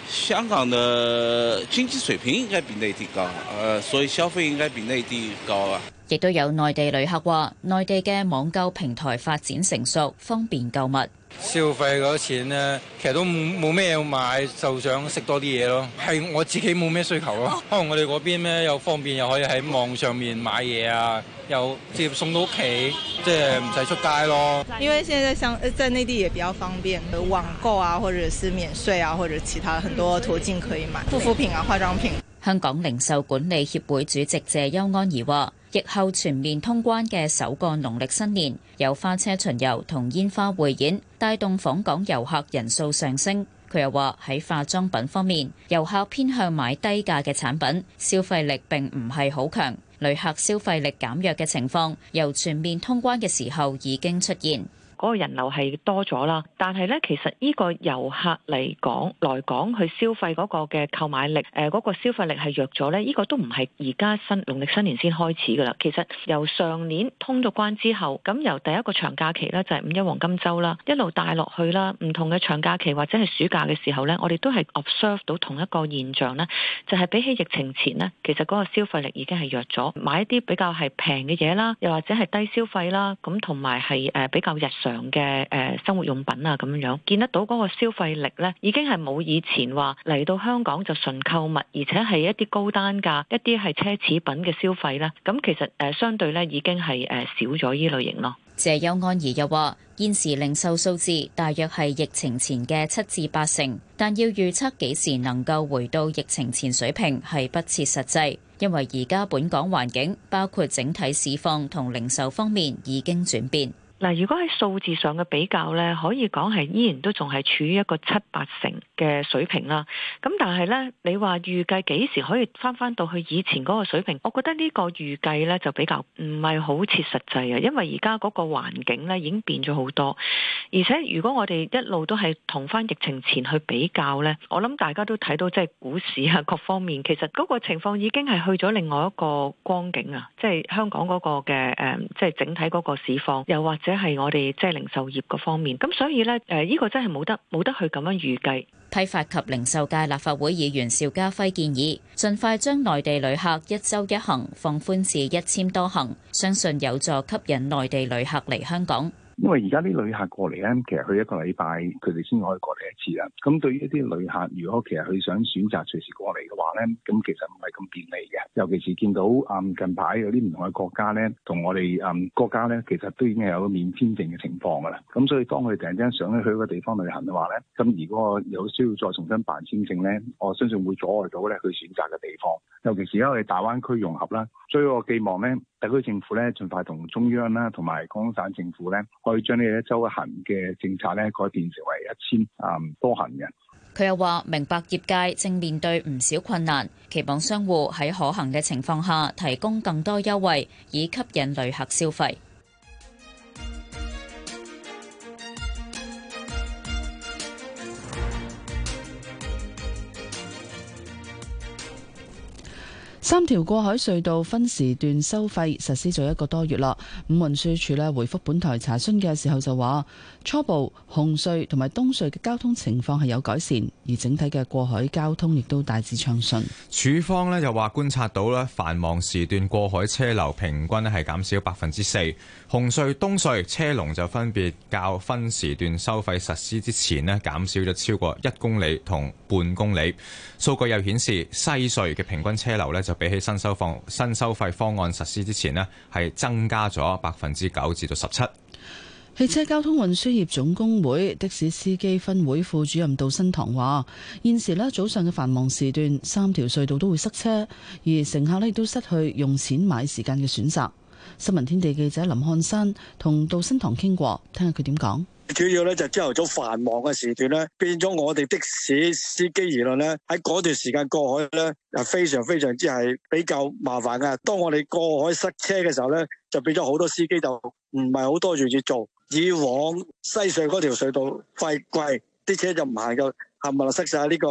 香港嘅經濟水平應該比內地高，呃，所以消費應該比內地高啊。亦都有內地旅客話，內地嘅網購平台發展成熟，方便購物。消費嗰啲錢呢，其實都冇咩要買，就想食多啲嘢咯。係我自己冇咩需求咯。可能我哋嗰邊呢又方便，又可以喺網上面買嘢啊，又直接送到屋企，即係唔使出街咯。因為現在在香，在內地也比較方便，網購啊，或者是免稅啊，或者其他很多途徑可以買護膚品啊、化妝品。香港零售管理協會主席謝邱安儀話。疫後全面通關嘅首個農曆新年，有花車巡遊同煙花匯演，帶動訪港遊客人數上升。佢又話喺化妝品方面，遊客偏向買低價嘅產品，消費力並唔係好強。旅客消費力減弱嘅情況，由全面通關嘅時候已經出現。嗰個人流係多咗啦，但係呢，其實呢個遊客嚟講，來講佢消費嗰個嘅購買力，誒、呃、嗰、那個消費力係弱咗呢，呢個都唔係而家新，農曆新年先開始噶啦。其實由上年通咗關之後，咁由第一個長假期呢，就係、是、五一黃金周啦，一路帶落去啦，唔同嘅長假期或者係暑假嘅時候呢，我哋都係 observe 到同一個現象呢，就係、是、比起疫情前呢，其實嗰個消費力已經係弱咗，買一啲比較係平嘅嘢啦，又或者係低消費啦，咁同埋係誒比較日常。嘅誒生活用品啊，咁樣見得到嗰個消費力咧，已經係冇以前話嚟到香港就純購物，而且係一啲高單價、一啲係奢侈品嘅消費啦。咁其實誒，相對咧已經係誒少咗依類型咯。謝邱安儀又話：現時零售數字大約係疫情前嘅七至八成，但要預測幾時能夠回到疫情前水平係不切實際，因為而家本港環境包括整體市況同零售方面已經轉變。但如果喺數字上嘅比較呢，可以講係依然都仲係處於一個七八成嘅水平啦。咁但係呢，你話預計幾時可以翻翻到去以前嗰個水平？我覺得呢個預計呢，就比較唔係好切實際嘅，因為而家嗰個環境呢已經變咗好多。而且如果我哋一路都係同翻疫情前去比較呢，我諗大家都睇到即係股市啊各方面，其實嗰個情況已經係去咗另外一個光景啊！即係香港嗰個嘅誒，即係整體嗰個市況，又或者。係我哋即係零售業個方面，咁所以咧誒，呢個真係冇得冇得去咁樣預計。批發及零售界立法會議員邵家輝建議，盡快將內地旅客一周一行放寬至一簽多行，相信有助吸引內地旅客嚟香港。因為而家啲旅客過嚟咧，其實佢一個禮拜佢哋先可以過嚟一次啦。咁對於一啲旅客，如果其實佢想選擇隨時過嚟嘅話咧，咁其實唔係咁便利嘅。尤其是見到啊、嗯、近排有啲唔同嘅國家咧，同我哋啊、嗯、國家咧，其實都已經係有一個免簽證嘅情況噶啦。咁所以當佢突然之間想咧去一個地方旅行嘅話咧，咁如果有需要再重新辦簽證咧，我相信會阻礙到咧佢選擇嘅地方。尤其是而家我哋大灣區融合啦，所以我寄望咧。特區政府咧，盡快同中央啦，同埋廣東省政府咧，可以將呢一周一行嘅政策咧，改變成為一千啊多行人。佢又話：明白業界正面對唔少困難，期望商戶喺可行嘅情況下，提供更多優惠，以吸引旅客消費。三條過海隧道分時段收費實施咗一個多月啦。咁運輸署呢回覆本台查詢嘅時候就話。初步紅隧同埋東隧嘅交通情況係有改善，而整體嘅過海交通亦都大致暢順。署方咧就話觀察到咧繁忙時段過海車流平均咧係減少百分之四，紅隧、東隧車龍就分別較分時段收費實施之前咧減少咗超過一公里同半公里。數據又顯示西隧嘅平均車流咧就比起新收放新收費方案實施之前咧係增加咗百分之九至到十七。汽車交通運輸業總工會的士司機分會副主任杜新堂話，現時咧早上嘅繁忙時段，三條隧道都會塞車，而乘客咧亦都失去用錢買時間嘅選擇。新聞天地記者林漢山同杜新堂傾過，聽下佢點講。主要咧就朝頭早繁忙嘅時段咧，變咗我哋的士司機而論咧，喺嗰段時間過海咧，又非常非常之係比較麻煩嘅。當我哋過海塞車嘅時候咧，就變咗好多司機就唔係好多嘢做。以往西隧嗰條隧道費貴，貴，啲車就唔行嘅，行埋塞晒呢個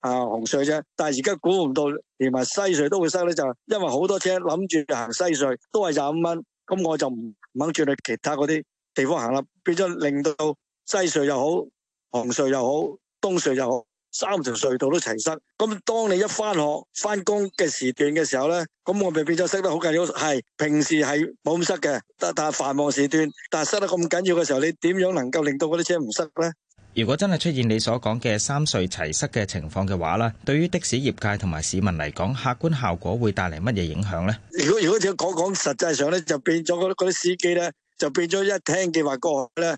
啊紅隧啫。但係而家估唔到連埋西隧都會塞咧，就係、是、因為好多車諗住行西隧都係廿五蚊，咁我就唔肯轉去其他嗰啲地方行啦，變咗令到西隧又好，紅隧又好，東隧又好。三條隧道都齊塞，咁當你一翻學、翻工嘅時段嘅時候咧，咁我咪變咗塞得好緊要。係平時係冇咁塞嘅，但但係繁忙時段，但係塞得咁緊要嘅時候，你點樣能夠令到嗰啲車唔塞咧？如果真係出現你所講嘅三隧齊塞嘅情況嘅話啦，對於的士業界同埋市民嚟講，客觀效果會帶嚟乜嘢影響咧？如果如果講講實際上咧，就變咗嗰啲司機咧，就變咗一聽計劃過咧。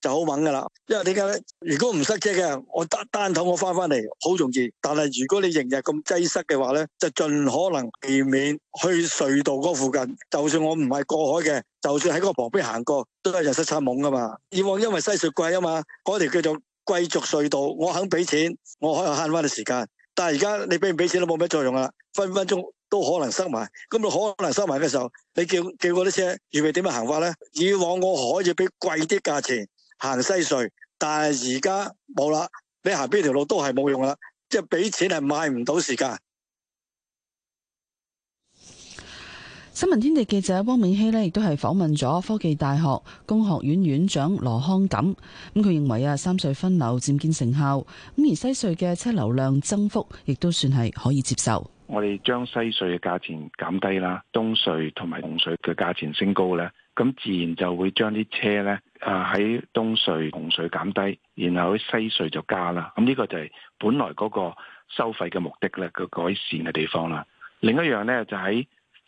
就好猛噶啦，因為點解咧？如果唔塞車嘅，我單單頭我翻翻嚟好容易。但係如果你仍然咁擠塞嘅話咧，就盡可能避免去隧道嗰附近。就算我唔係過海嘅，就算喺個旁邊行過，都係日塞車懵噶嘛。以往因為西隧貴啊嘛，嗰條叫做貴族隧道，我肯俾錢，我可以慳翻啲時間。但係而家你俾唔俾錢都冇咩作用啦，分分鐘都可能塞埋。咁你可能塞埋嘅時候，你叫叫嗰啲車預備點樣行法咧？以往我可以俾貴啲價錢。行西隧，但係而家冇啦。你行邊條路都係冇用啦，即係俾錢係買唔到時間。新聞天地記者汪勉希呢亦都係訪問咗科技大學工學院院長羅康錦。咁佢認為啊，三隧分流漸見成效，咁而西隧嘅車流量增幅亦都算係可以接受。我哋將西隧嘅價錢減低啦，東隧同埋紅隧嘅價錢升高咧。咁自然就會將啲車咧，啊喺東隧、紅隧減低，然後喺西隧就加啦。咁呢個就係本來嗰個收費嘅目的咧，個改善嘅地方啦。另一樣咧就喺、是、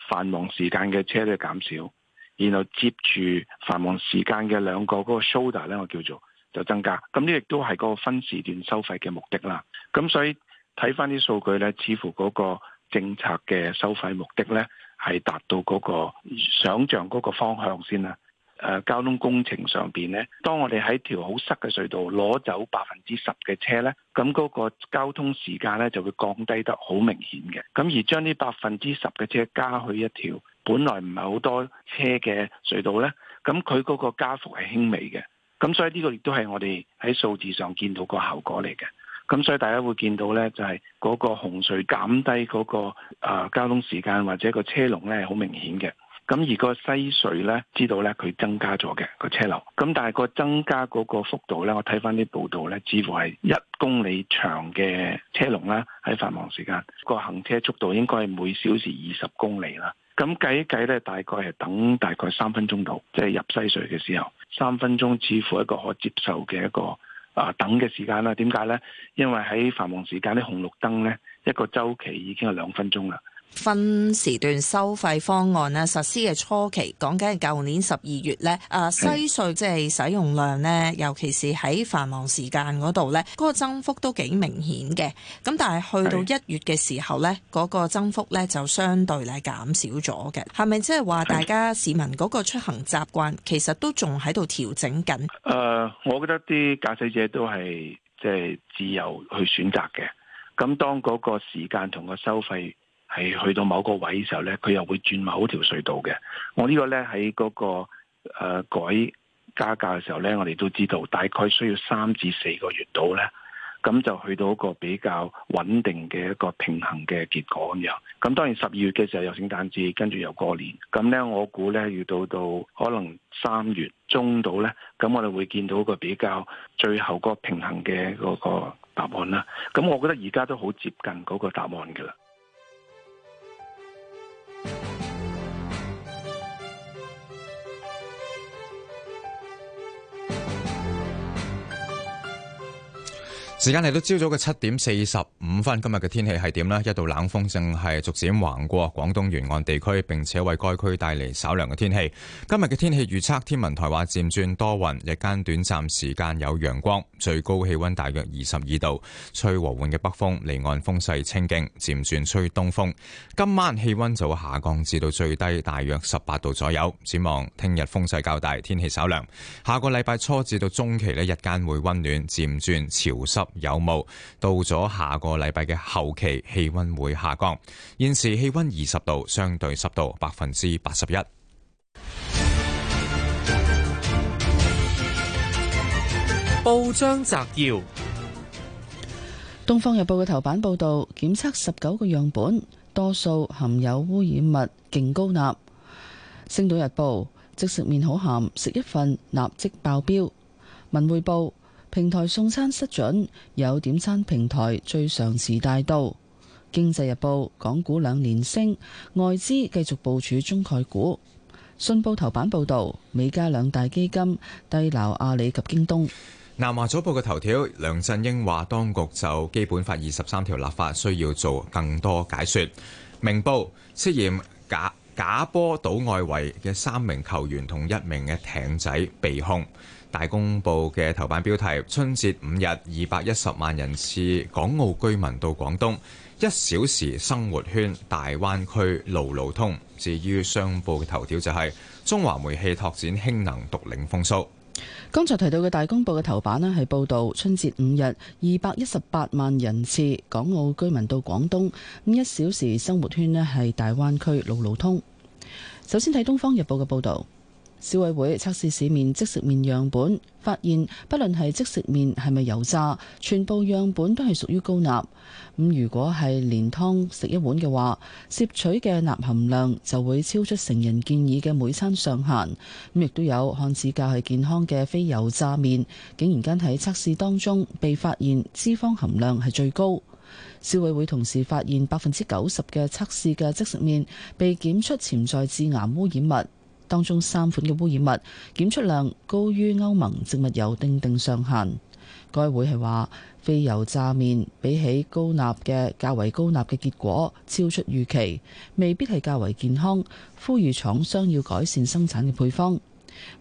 繁忙時間嘅車咧減少，然後接住繁忙時間嘅兩個嗰、那個 shoulder 咧，我叫做就增加。咁呢亦都係個分時段收費嘅目的啦。咁所以睇翻啲數據咧，似乎嗰個政策嘅收費目的咧。係達到嗰個想象嗰個方向先啦。誒、啊，交通工程上邊咧，當我哋喺條好塞嘅隧道攞走百分之十嘅車咧，咁嗰個交通時間咧就會降低得好明顯嘅。咁而將呢百分之十嘅車加去一條本來唔係好多車嘅隧道咧，咁佢嗰個加幅係輕微嘅。咁所以呢個亦都係我哋喺數字上見到個效果嚟嘅。咁所以大家會見到呢，就係、是、嗰個紅隧減低嗰、那個、呃、交通時間或者個車龍呢，係好明顯嘅。咁而個西隧呢，知道呢，佢增加咗嘅、那個車流。咁但係個增加嗰個幅度呢，我睇翻啲報道呢，似乎係一公里長嘅車龍啦，喺繁忙時間個行車速度應該係每小時二十公里啦。咁計一計呢，大概係等大概三分鐘到，即、就、係、是、入西隧嘅時候，三分鐘似乎一個可接受嘅一個。啊，等嘅時間啦，點解咧？因為喺繁忙時間，啲紅綠燈咧一個週期已經係兩分鐘啦。分時段收費方案咧實施嘅初期，講緊係舊年十二月呢，啊、嗯、西隧即係使用量呢，尤其是喺繁忙時間嗰度呢，嗰個增幅都幾明顯嘅。咁但係去到一月嘅時候呢，嗰個增幅呢就相對嚟減少咗嘅。係咪即係話大家市民嗰個出行習慣其實都仲喺度調整緊？誒、呃，我覺得啲駕駛者都係即係自由去選擇嘅。咁當嗰個時間同個收費係去到某個位嘅時候呢，佢又會轉某條隧道嘅。我呢個呢，喺嗰、那個誒、呃、改加價嘅時候呢，我哋都知道大概需要三至四個月到呢，咁就去到一個比較穩定嘅一個平衡嘅結果咁樣。咁當然十二月嘅時候有聖誕節，跟住又過年。咁呢我估呢，要到到可能三月中到呢，咁我哋會見到一個比較最後個平衡嘅嗰個答案啦。咁我覺得而家都好接近嗰個答案噶啦。時間嚟到朝早嘅七點四十五分，今日嘅天氣係點呢？一道冷鋒正係逐漸橫過廣東沿岸地區，並且為該區帶嚟稍涼嘅天氣。今日嘅天氣預測，天文台話漸轉多雲，日間短暫時間有陽光，最高氣溫大約二十二度，吹和緩嘅北風，離岸風勢清勁，漸轉吹東風。今晚氣溫就會下降至到最低大約十八度左右。展望聽日風勢較大，天氣稍涼。下個禮拜初至到中期呢，日間會溫暖漸轉潮濕。有霧，到咗下個禮拜嘅後期，氣溫會下降。現時氣溫二十度，相對濕度百分之八十一。報章摘要：《東方日報》嘅頭版報道，檢測十九個樣本，多數含有污染物，勁高鈉。《星島日報》即食麵好鹹，食一份立即爆標。《文匯報》平台送餐失準，有點餐平台最常時大到。經濟日報，港股兩年升，外資繼續部署中概股。信報頭版報道，美加兩大基金低樓阿里及京東。南華早報嘅頭條，梁振英話，當局就基本法二十三條立法需要做更多解說。明報涉嫌假假波賭外圍嘅三名球員同一名嘅艇仔被控。大公報嘅頭版標題：春節五日二百一十萬人次港澳居民到廣東，一小時生活圈大灣區路路通。至於商報嘅頭條就係、是、中華煤氣拓展氫能獨領風騷。剛才提到嘅大公報嘅頭版咧係報道春節五日二百一十八萬人次港澳居民到廣東，一小時生活圈咧係大灣區路路通。首先睇東方日報嘅報道。消委會測試市面即食麵樣本，發現不論係即食麵係咪油炸，全部樣本都係屬於高鈉。咁如果係連湯食一碗嘅話，攝取嘅鈉含量就會超出成人建議嘅每餐上限。咁亦都有看似較係健康嘅非油炸麵，竟然間喺測試當中被發現脂肪含量係最高。消委會同時發現百分之九十嘅測試嘅即食麵被檢出潛在致癌污染物。當中三款嘅污染物檢出量高於歐盟植物油訂定上限。該會係話，非油炸麵比起高鈉嘅較為高鈉嘅結果超出預期，未必係較為健康。呼籲廠商要改善生產嘅配方。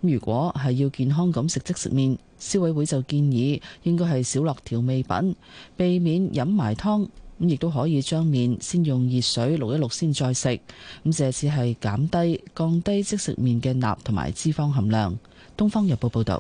如果係要健康咁食即食麵，消委會就建議應該係少落調味品，避免飲埋湯。咁亦都可以將麵先用熱水淥一淥先再食，咁藉此係減低、降低即食麵嘅鈉同埋脂肪含量。《東方日報》報道，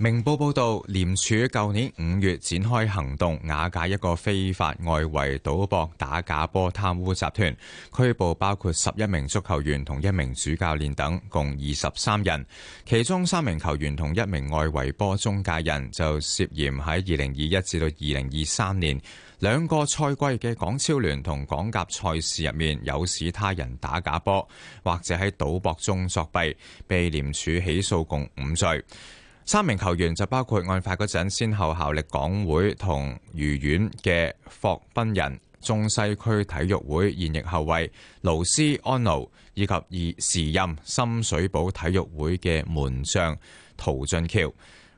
《明報》報道，廉署舊年五月展開行動，瓦解一個非法外圍賭博打假波貪污集團，拘捕包括十一名足球員同一名主教練等共二十三人，其中三名球員同一名外圍波中介人就涉嫌喺二零二一至到二零二三年。兩個賽季嘅港超聯同港甲賽事入面，有使他人打假波，或者喺賭博中作弊，被廉署起訴共五罪。三名球員就包括案發嗰陣先後效力港會同愉園嘅霍賓仁、中西區體育會現役後衛勞斯安奴，以及現時任深水埗體育會嘅門將塗俊橋。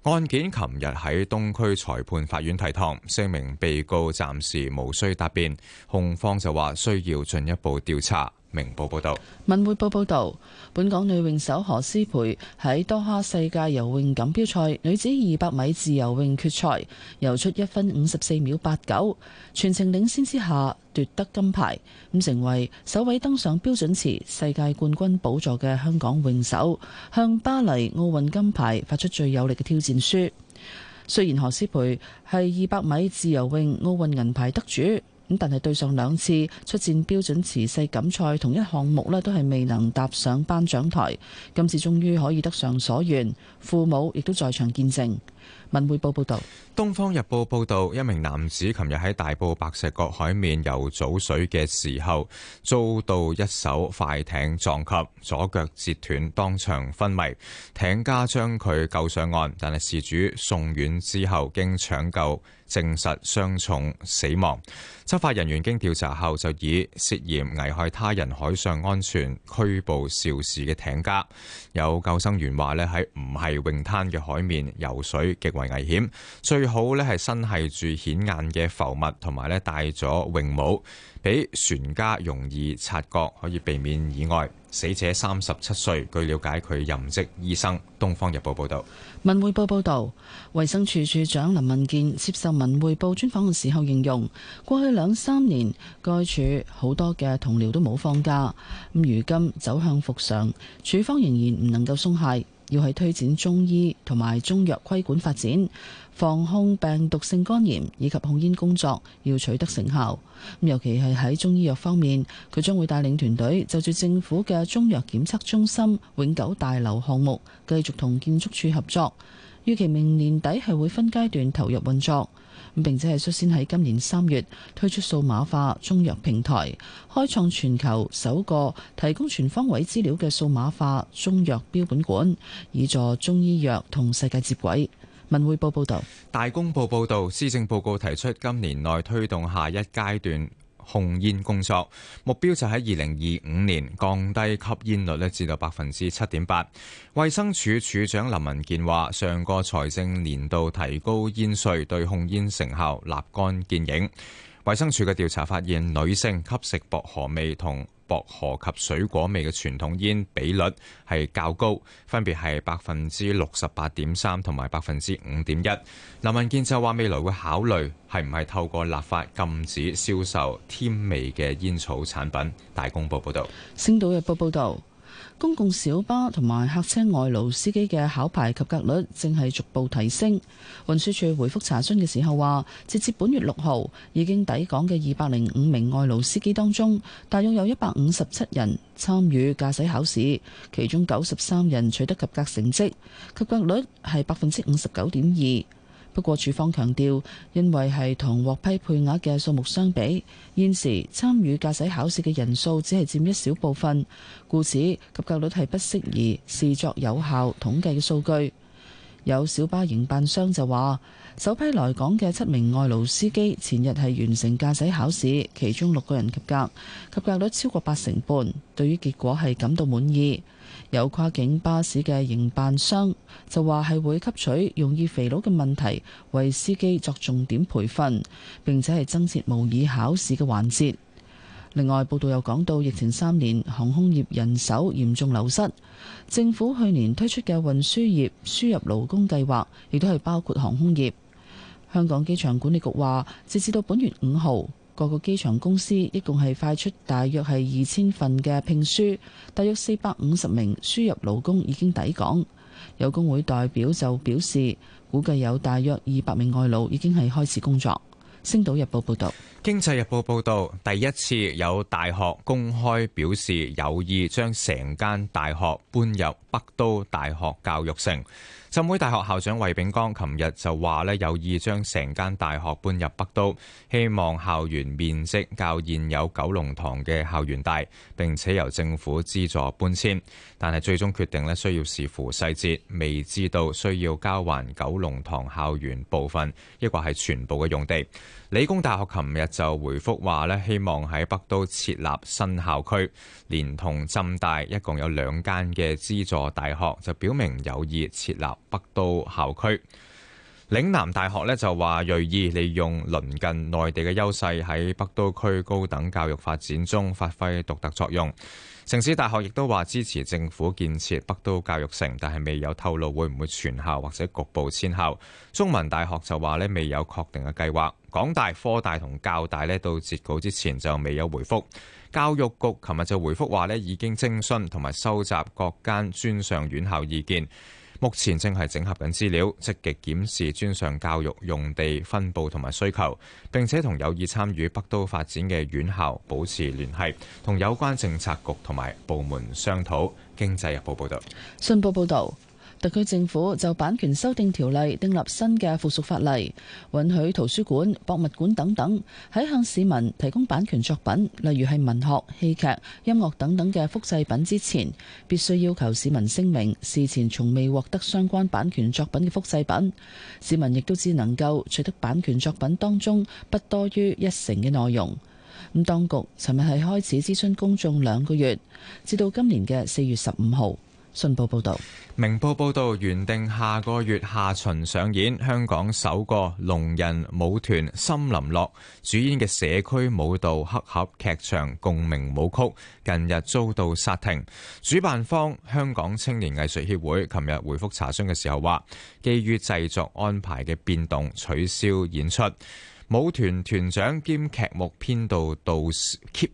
案件琴日喺東區裁判法院提堂，四名被告暫時無需答辯，控方就話需要進一步調查。明報報道，文匯報報道，本港女泳手何詩蓓喺多哈世界游泳錦標賽女子二百米自由泳決賽，游出一分五十四秒八九，全程領先之下奪得金牌，咁成為首位登上標準池世界冠軍寶座嘅香港泳手，向巴黎奧運金牌發出最有力嘅挑戰書。雖然何詩蓓係二百米自由泳奧運銀牌得主。但係對上兩次出戰標準池世錦賽同一項目呢都係未能踏上頒獎台。今次終於可以得償所願，父母亦都在場見證。文匯報報道，東方日報報道，一名男子琴日喺大埔白石角海面游早水嘅時候，遭到一艘快艇撞及，左腳折斷，當場昏迷。艇家將佢救上岸，但係事主送院之後經搶救證實傷重死亡。執法人員經調查後就以涉嫌危害他人海上安全拘捕肇事嘅艇家。有救生員話呢，喺唔係泳灘嘅海面游水。極為危險，最好咧係身係住顯眼嘅浮物，同埋咧戴咗泳帽，俾船家容易察覺，可以避免意外。死者三十七歲，據了解佢任職醫生。《東方日報》報道，《文匯報》報道，衛生署署長林文健接受《文匯報》專訪嘅時候形容，過去兩三年該處好多嘅同僚都冇放假，咁如今走向復常，處方仍然唔能夠鬆懈。要喺推展中醫同埋中藥規管發展、防控病毒性肝炎以及控煙工作要取得成效。尤其係喺中醫藥方面，佢將會帶領團隊就住政府嘅中藥檢測中心永久大樓項目繼續同建築署合作，預期明年底係會分階段投入運作。咁並且係率先喺今年三月推出數碼化中藥平台，開創全球首個提供全方位資料嘅數碼化中藥標本館，以助中醫藥同世界接軌。文匯報報道，大公報報道，施政報告提出今年內推動下一階段。控煙工作目標就喺二零二五年降低吸煙率呢至到百分之七點八。衛生署署長林文健話：上個財政年度提高煙稅對控煙成效立竿見影。衛生署嘅調查發現，女性吸食薄荷味同薄荷及水果味嘅傳統煙比率係較高，分別係百分之六十八點三同埋百分之五點一。林文健就話，未來會考慮係唔係透過立法禁止銷售添味嘅煙草產品。大公報報道。星島日報報道。公共小巴同埋客車外勞司機嘅考牌及格率正係逐步提升。運輸署回覆查詢嘅時候話，截至本月六號，已經抵港嘅二百零五名外勞司機當中，大約有一百五十七人參與駕駛考試，其中九十三人取得及格成績，及格率係百分之五十九點二。不過，署方強調，因為係同獲批配額嘅數目相比，現時參與駕駛考試嘅人數只係佔一小部分，故此及格率係不適宜視作有效統計嘅數據。有小巴營辦商就話，首批來港嘅七名外勞司機前日係完成駕駛考試，其中六個人及格，及格率超過八成半，對於結果係感到滿意。有跨境巴士嘅營辦商就話，係會吸取容易肥佬嘅問題，為司機作重點培訓，並且係增設模擬考試嘅環節。另外，報道又講到疫情三年航空業人手嚴重流失，政府去年推出嘅運輸業輸入勞工計劃亦都係包括航空業。香港機場管理局話，截至到本月五號。各個機場公司一共係快出大約係二千份嘅聘書，大約四百五十名輸入勞工已經抵港。有工會代表就表示，估計有大約二百名外勞已經係開始工作。《星島日報》報道，《經濟日報》報道，第一次有大學公開表示有意將成間大學搬入北都大學教育城。浸會大學校長魏炳剛琴日就話咧，有意將成間大學搬入北都，希望校園面積較現有九龍塘嘅校園大，並且由政府資助搬遷。但係最終決定咧需要視乎細節，未知道需要交還九龍塘校園部分，亦或係全部嘅用地。理工大學琴日就回覆話咧，希望喺北都設立新校區，連同浸大一共有兩間嘅資助大學，就表明有意設立北都校區。嶺南大學呢就話，銳意利用鄰近內地嘅優勢喺北都區高等教育發展中發揮獨特作用。城市大學亦都話支持政府建設北都教育城，但係未有透露會唔會全校或者局部遷校。中文大學就話咧，未有確定嘅計劃。港大、科大同教大呢，到截稿之前就未有回覆。教育局琴日就回覆話，呢已經徵詢同埋收集各間專上院校意見，目前正係整合緊資料，積極檢視專上教育用地分布同埋需求，並且同有意參與北都發展嘅院校保持聯繫，同有關政策局同埋部門商討。經濟日報報道。信報報導。特區政府就版權修訂條例訂立新嘅附屬法例，允許圖書館、博物館等等喺向市民提供版權作品，例如係文學、戲劇、音樂等等嘅複製品之前，必須要求市民聲明事前從未獲得相關版權作品嘅複製品。市民亦都只能夠取得版權作品當中不多於一成嘅內容。咁當局尋日係開始諮詢公眾兩個月，至到今年嘅四月十五號。信報報導，明報報導，原定下個月下旬上演香港首個聾人舞團森林樂主演嘅社區舞蹈黑盒劇場《共鳴舞曲》，近日遭到煞停。主辦方香港青年藝術協會琴日回覆查詢嘅時候話，基於製作安排嘅變動，取消演出。舞團團長兼劇目編導導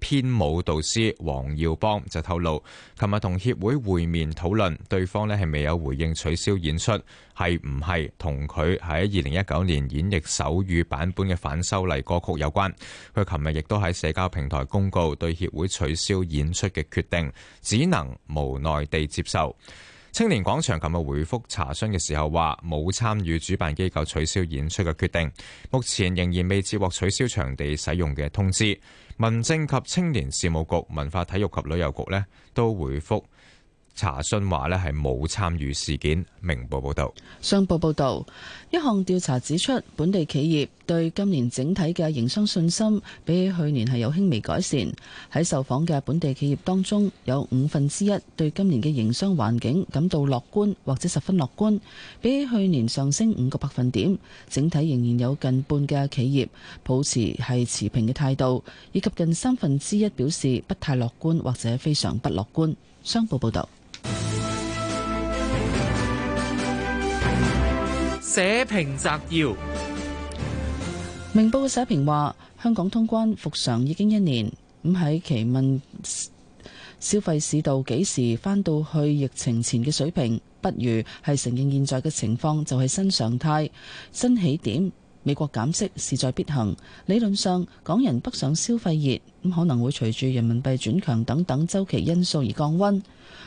編舞導師黃耀邦就透露，琴日同協會會面討論，對方咧係未有回應取消演出，係唔係同佢喺二零一九年演繹手語版本嘅反修例歌曲有關？佢琴日亦都喺社交平台公告對協會取消演出嘅決定，只能無奈地接受。青年廣場琴日回覆查詢嘅時候話，冇參與主辦機構取消演出嘅決定，目前仍然未接獲取消場地使用嘅通知。民政及青年事務局、文化體育及旅遊局呢都回覆。查詢話咧，係冇參與事件。明報報道，商報報道一項調查指出，本地企業對今年整體嘅營商信心比起去年係有輕微改善。喺受訪嘅本地企業當中，有五分之一對今年嘅營商環境感到樂觀或者十分樂觀，比起去年上升五個百分點，整體仍然有近半嘅企業抱持係持平嘅態度，以及近三分之一表示不太樂觀或者非常不樂觀，商報報道。社評摘要，明報嘅社評話：香港通關復常已經一年，咁喺期問消費市道幾時翻到去疫情前嘅水平？不如係承認現在嘅情況就係新常態新起點。美國減息勢在必行，理論上港人北上消費熱咁，可能會隨住人民幣轉強等等週期因素而降溫。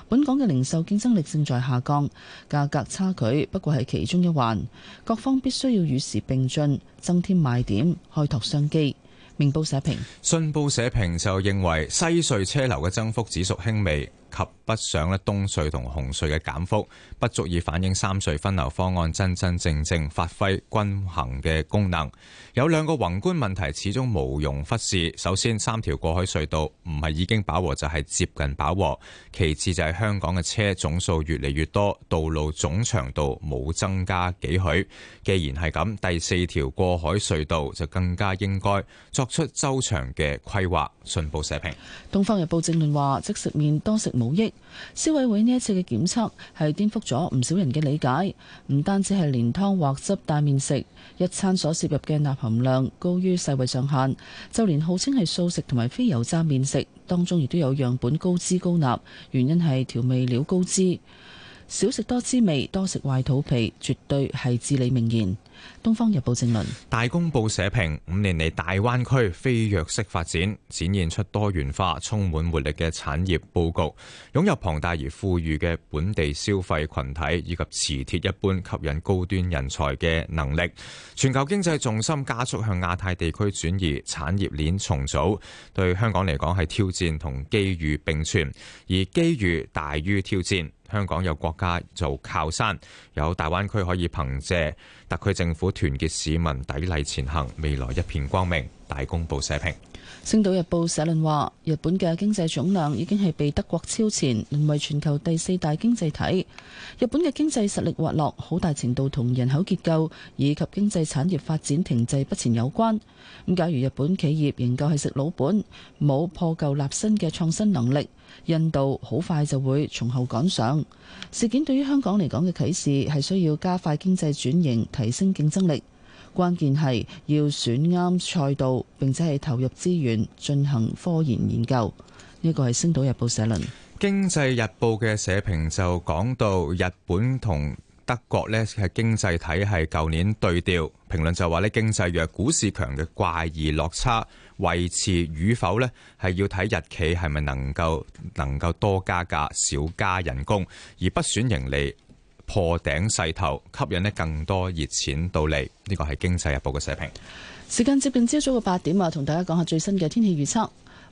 本港嘅零售競爭力正在下降，價格差距不過係其中一環，各方必須要與時並進，增添賣點，開拓商機。明報社評。信報社評就認為西隧車流嘅增幅只屬輕微。及不上呢東隧同紅隧嘅減幅，不足以反映三隧分流方案真真正正發揮均衡嘅功能。有兩個宏觀問題始終無容忽視，首先，三條過海隧道唔係已經飽和，就係、是、接近飽和；其次就係香港嘅車總數越嚟越多，道路總長度冇增加幾許，既然係咁，第四條過海隧道就更加應該作出周長嘅規劃，信報社評東方日報正論話即食麵當食。冇益。消委會呢一次嘅檢測係顛覆咗唔少人嘅理解，唔單止係連湯或汁帶麵食，一餐所攝入嘅鈉含量高於世衛上限，就連號稱係素食同埋非油炸麵食當中，亦都有樣本高脂高鈉。原因係調味料高脂，少食多滋味，多食壞肚皮，絕對係至理名言。東方日報正文：大公報社評，五年嚟大灣區飛躍式發展，展現出多元化、充滿活力嘅產業佈局，擁有龐大而富裕嘅本地消費群體，以及磁鐵一般吸引高端人才嘅能力。全球經濟重心加速向亞太地區轉移，產業鏈重組，對香港嚟講係挑戰同機遇並存，而機遇大於挑戰。香港有國家做靠山，有大灣區可以憑借特區政府團結市民砥礪前行，未來一片光明。大公報社評，《星島日報》社論話：日本嘅經濟總量已經係被德國超前，淪為全球第四大經濟體。日本嘅經濟實力滑落，好大程度同人口結構以及經濟產業發展停滯不前有關。咁假如日本企業仍舊係食老本，冇破舊立新嘅創新能力。印度好快就會從後趕上。事件對於香港嚟講嘅啟示係需要加快經濟轉型，提升競爭力，關鍵係要選啱賽道，並且係投入資源進行科研研究。呢個係星島日報社論，《經濟日報》嘅社評就講到日本同德國呢係經濟體係舊年對調，評論就話呢，經濟弱、股市強嘅怪異落差，維持與否呢係要睇日企係咪能夠能夠多加價、少加人工，而不損盈利，破頂勢頭，吸引咧更多熱錢到嚟。呢個係經濟日報嘅社評。時間接近朝早嘅八點啊，我同大家講下最新嘅天氣預測。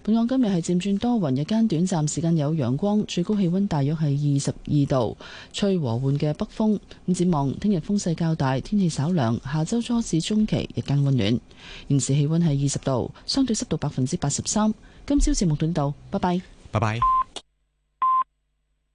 本港今日係漸轉多雲，日間短暫時間有陽光，最高氣溫大約係二十二度，吹和緩嘅北風。咁展望聽日風勢較大，天氣稍涼。下周初至中期日間溫暖，現時氣溫係二十度，相對濕度百分之八十三。今朝節目短到，拜拜，拜拜。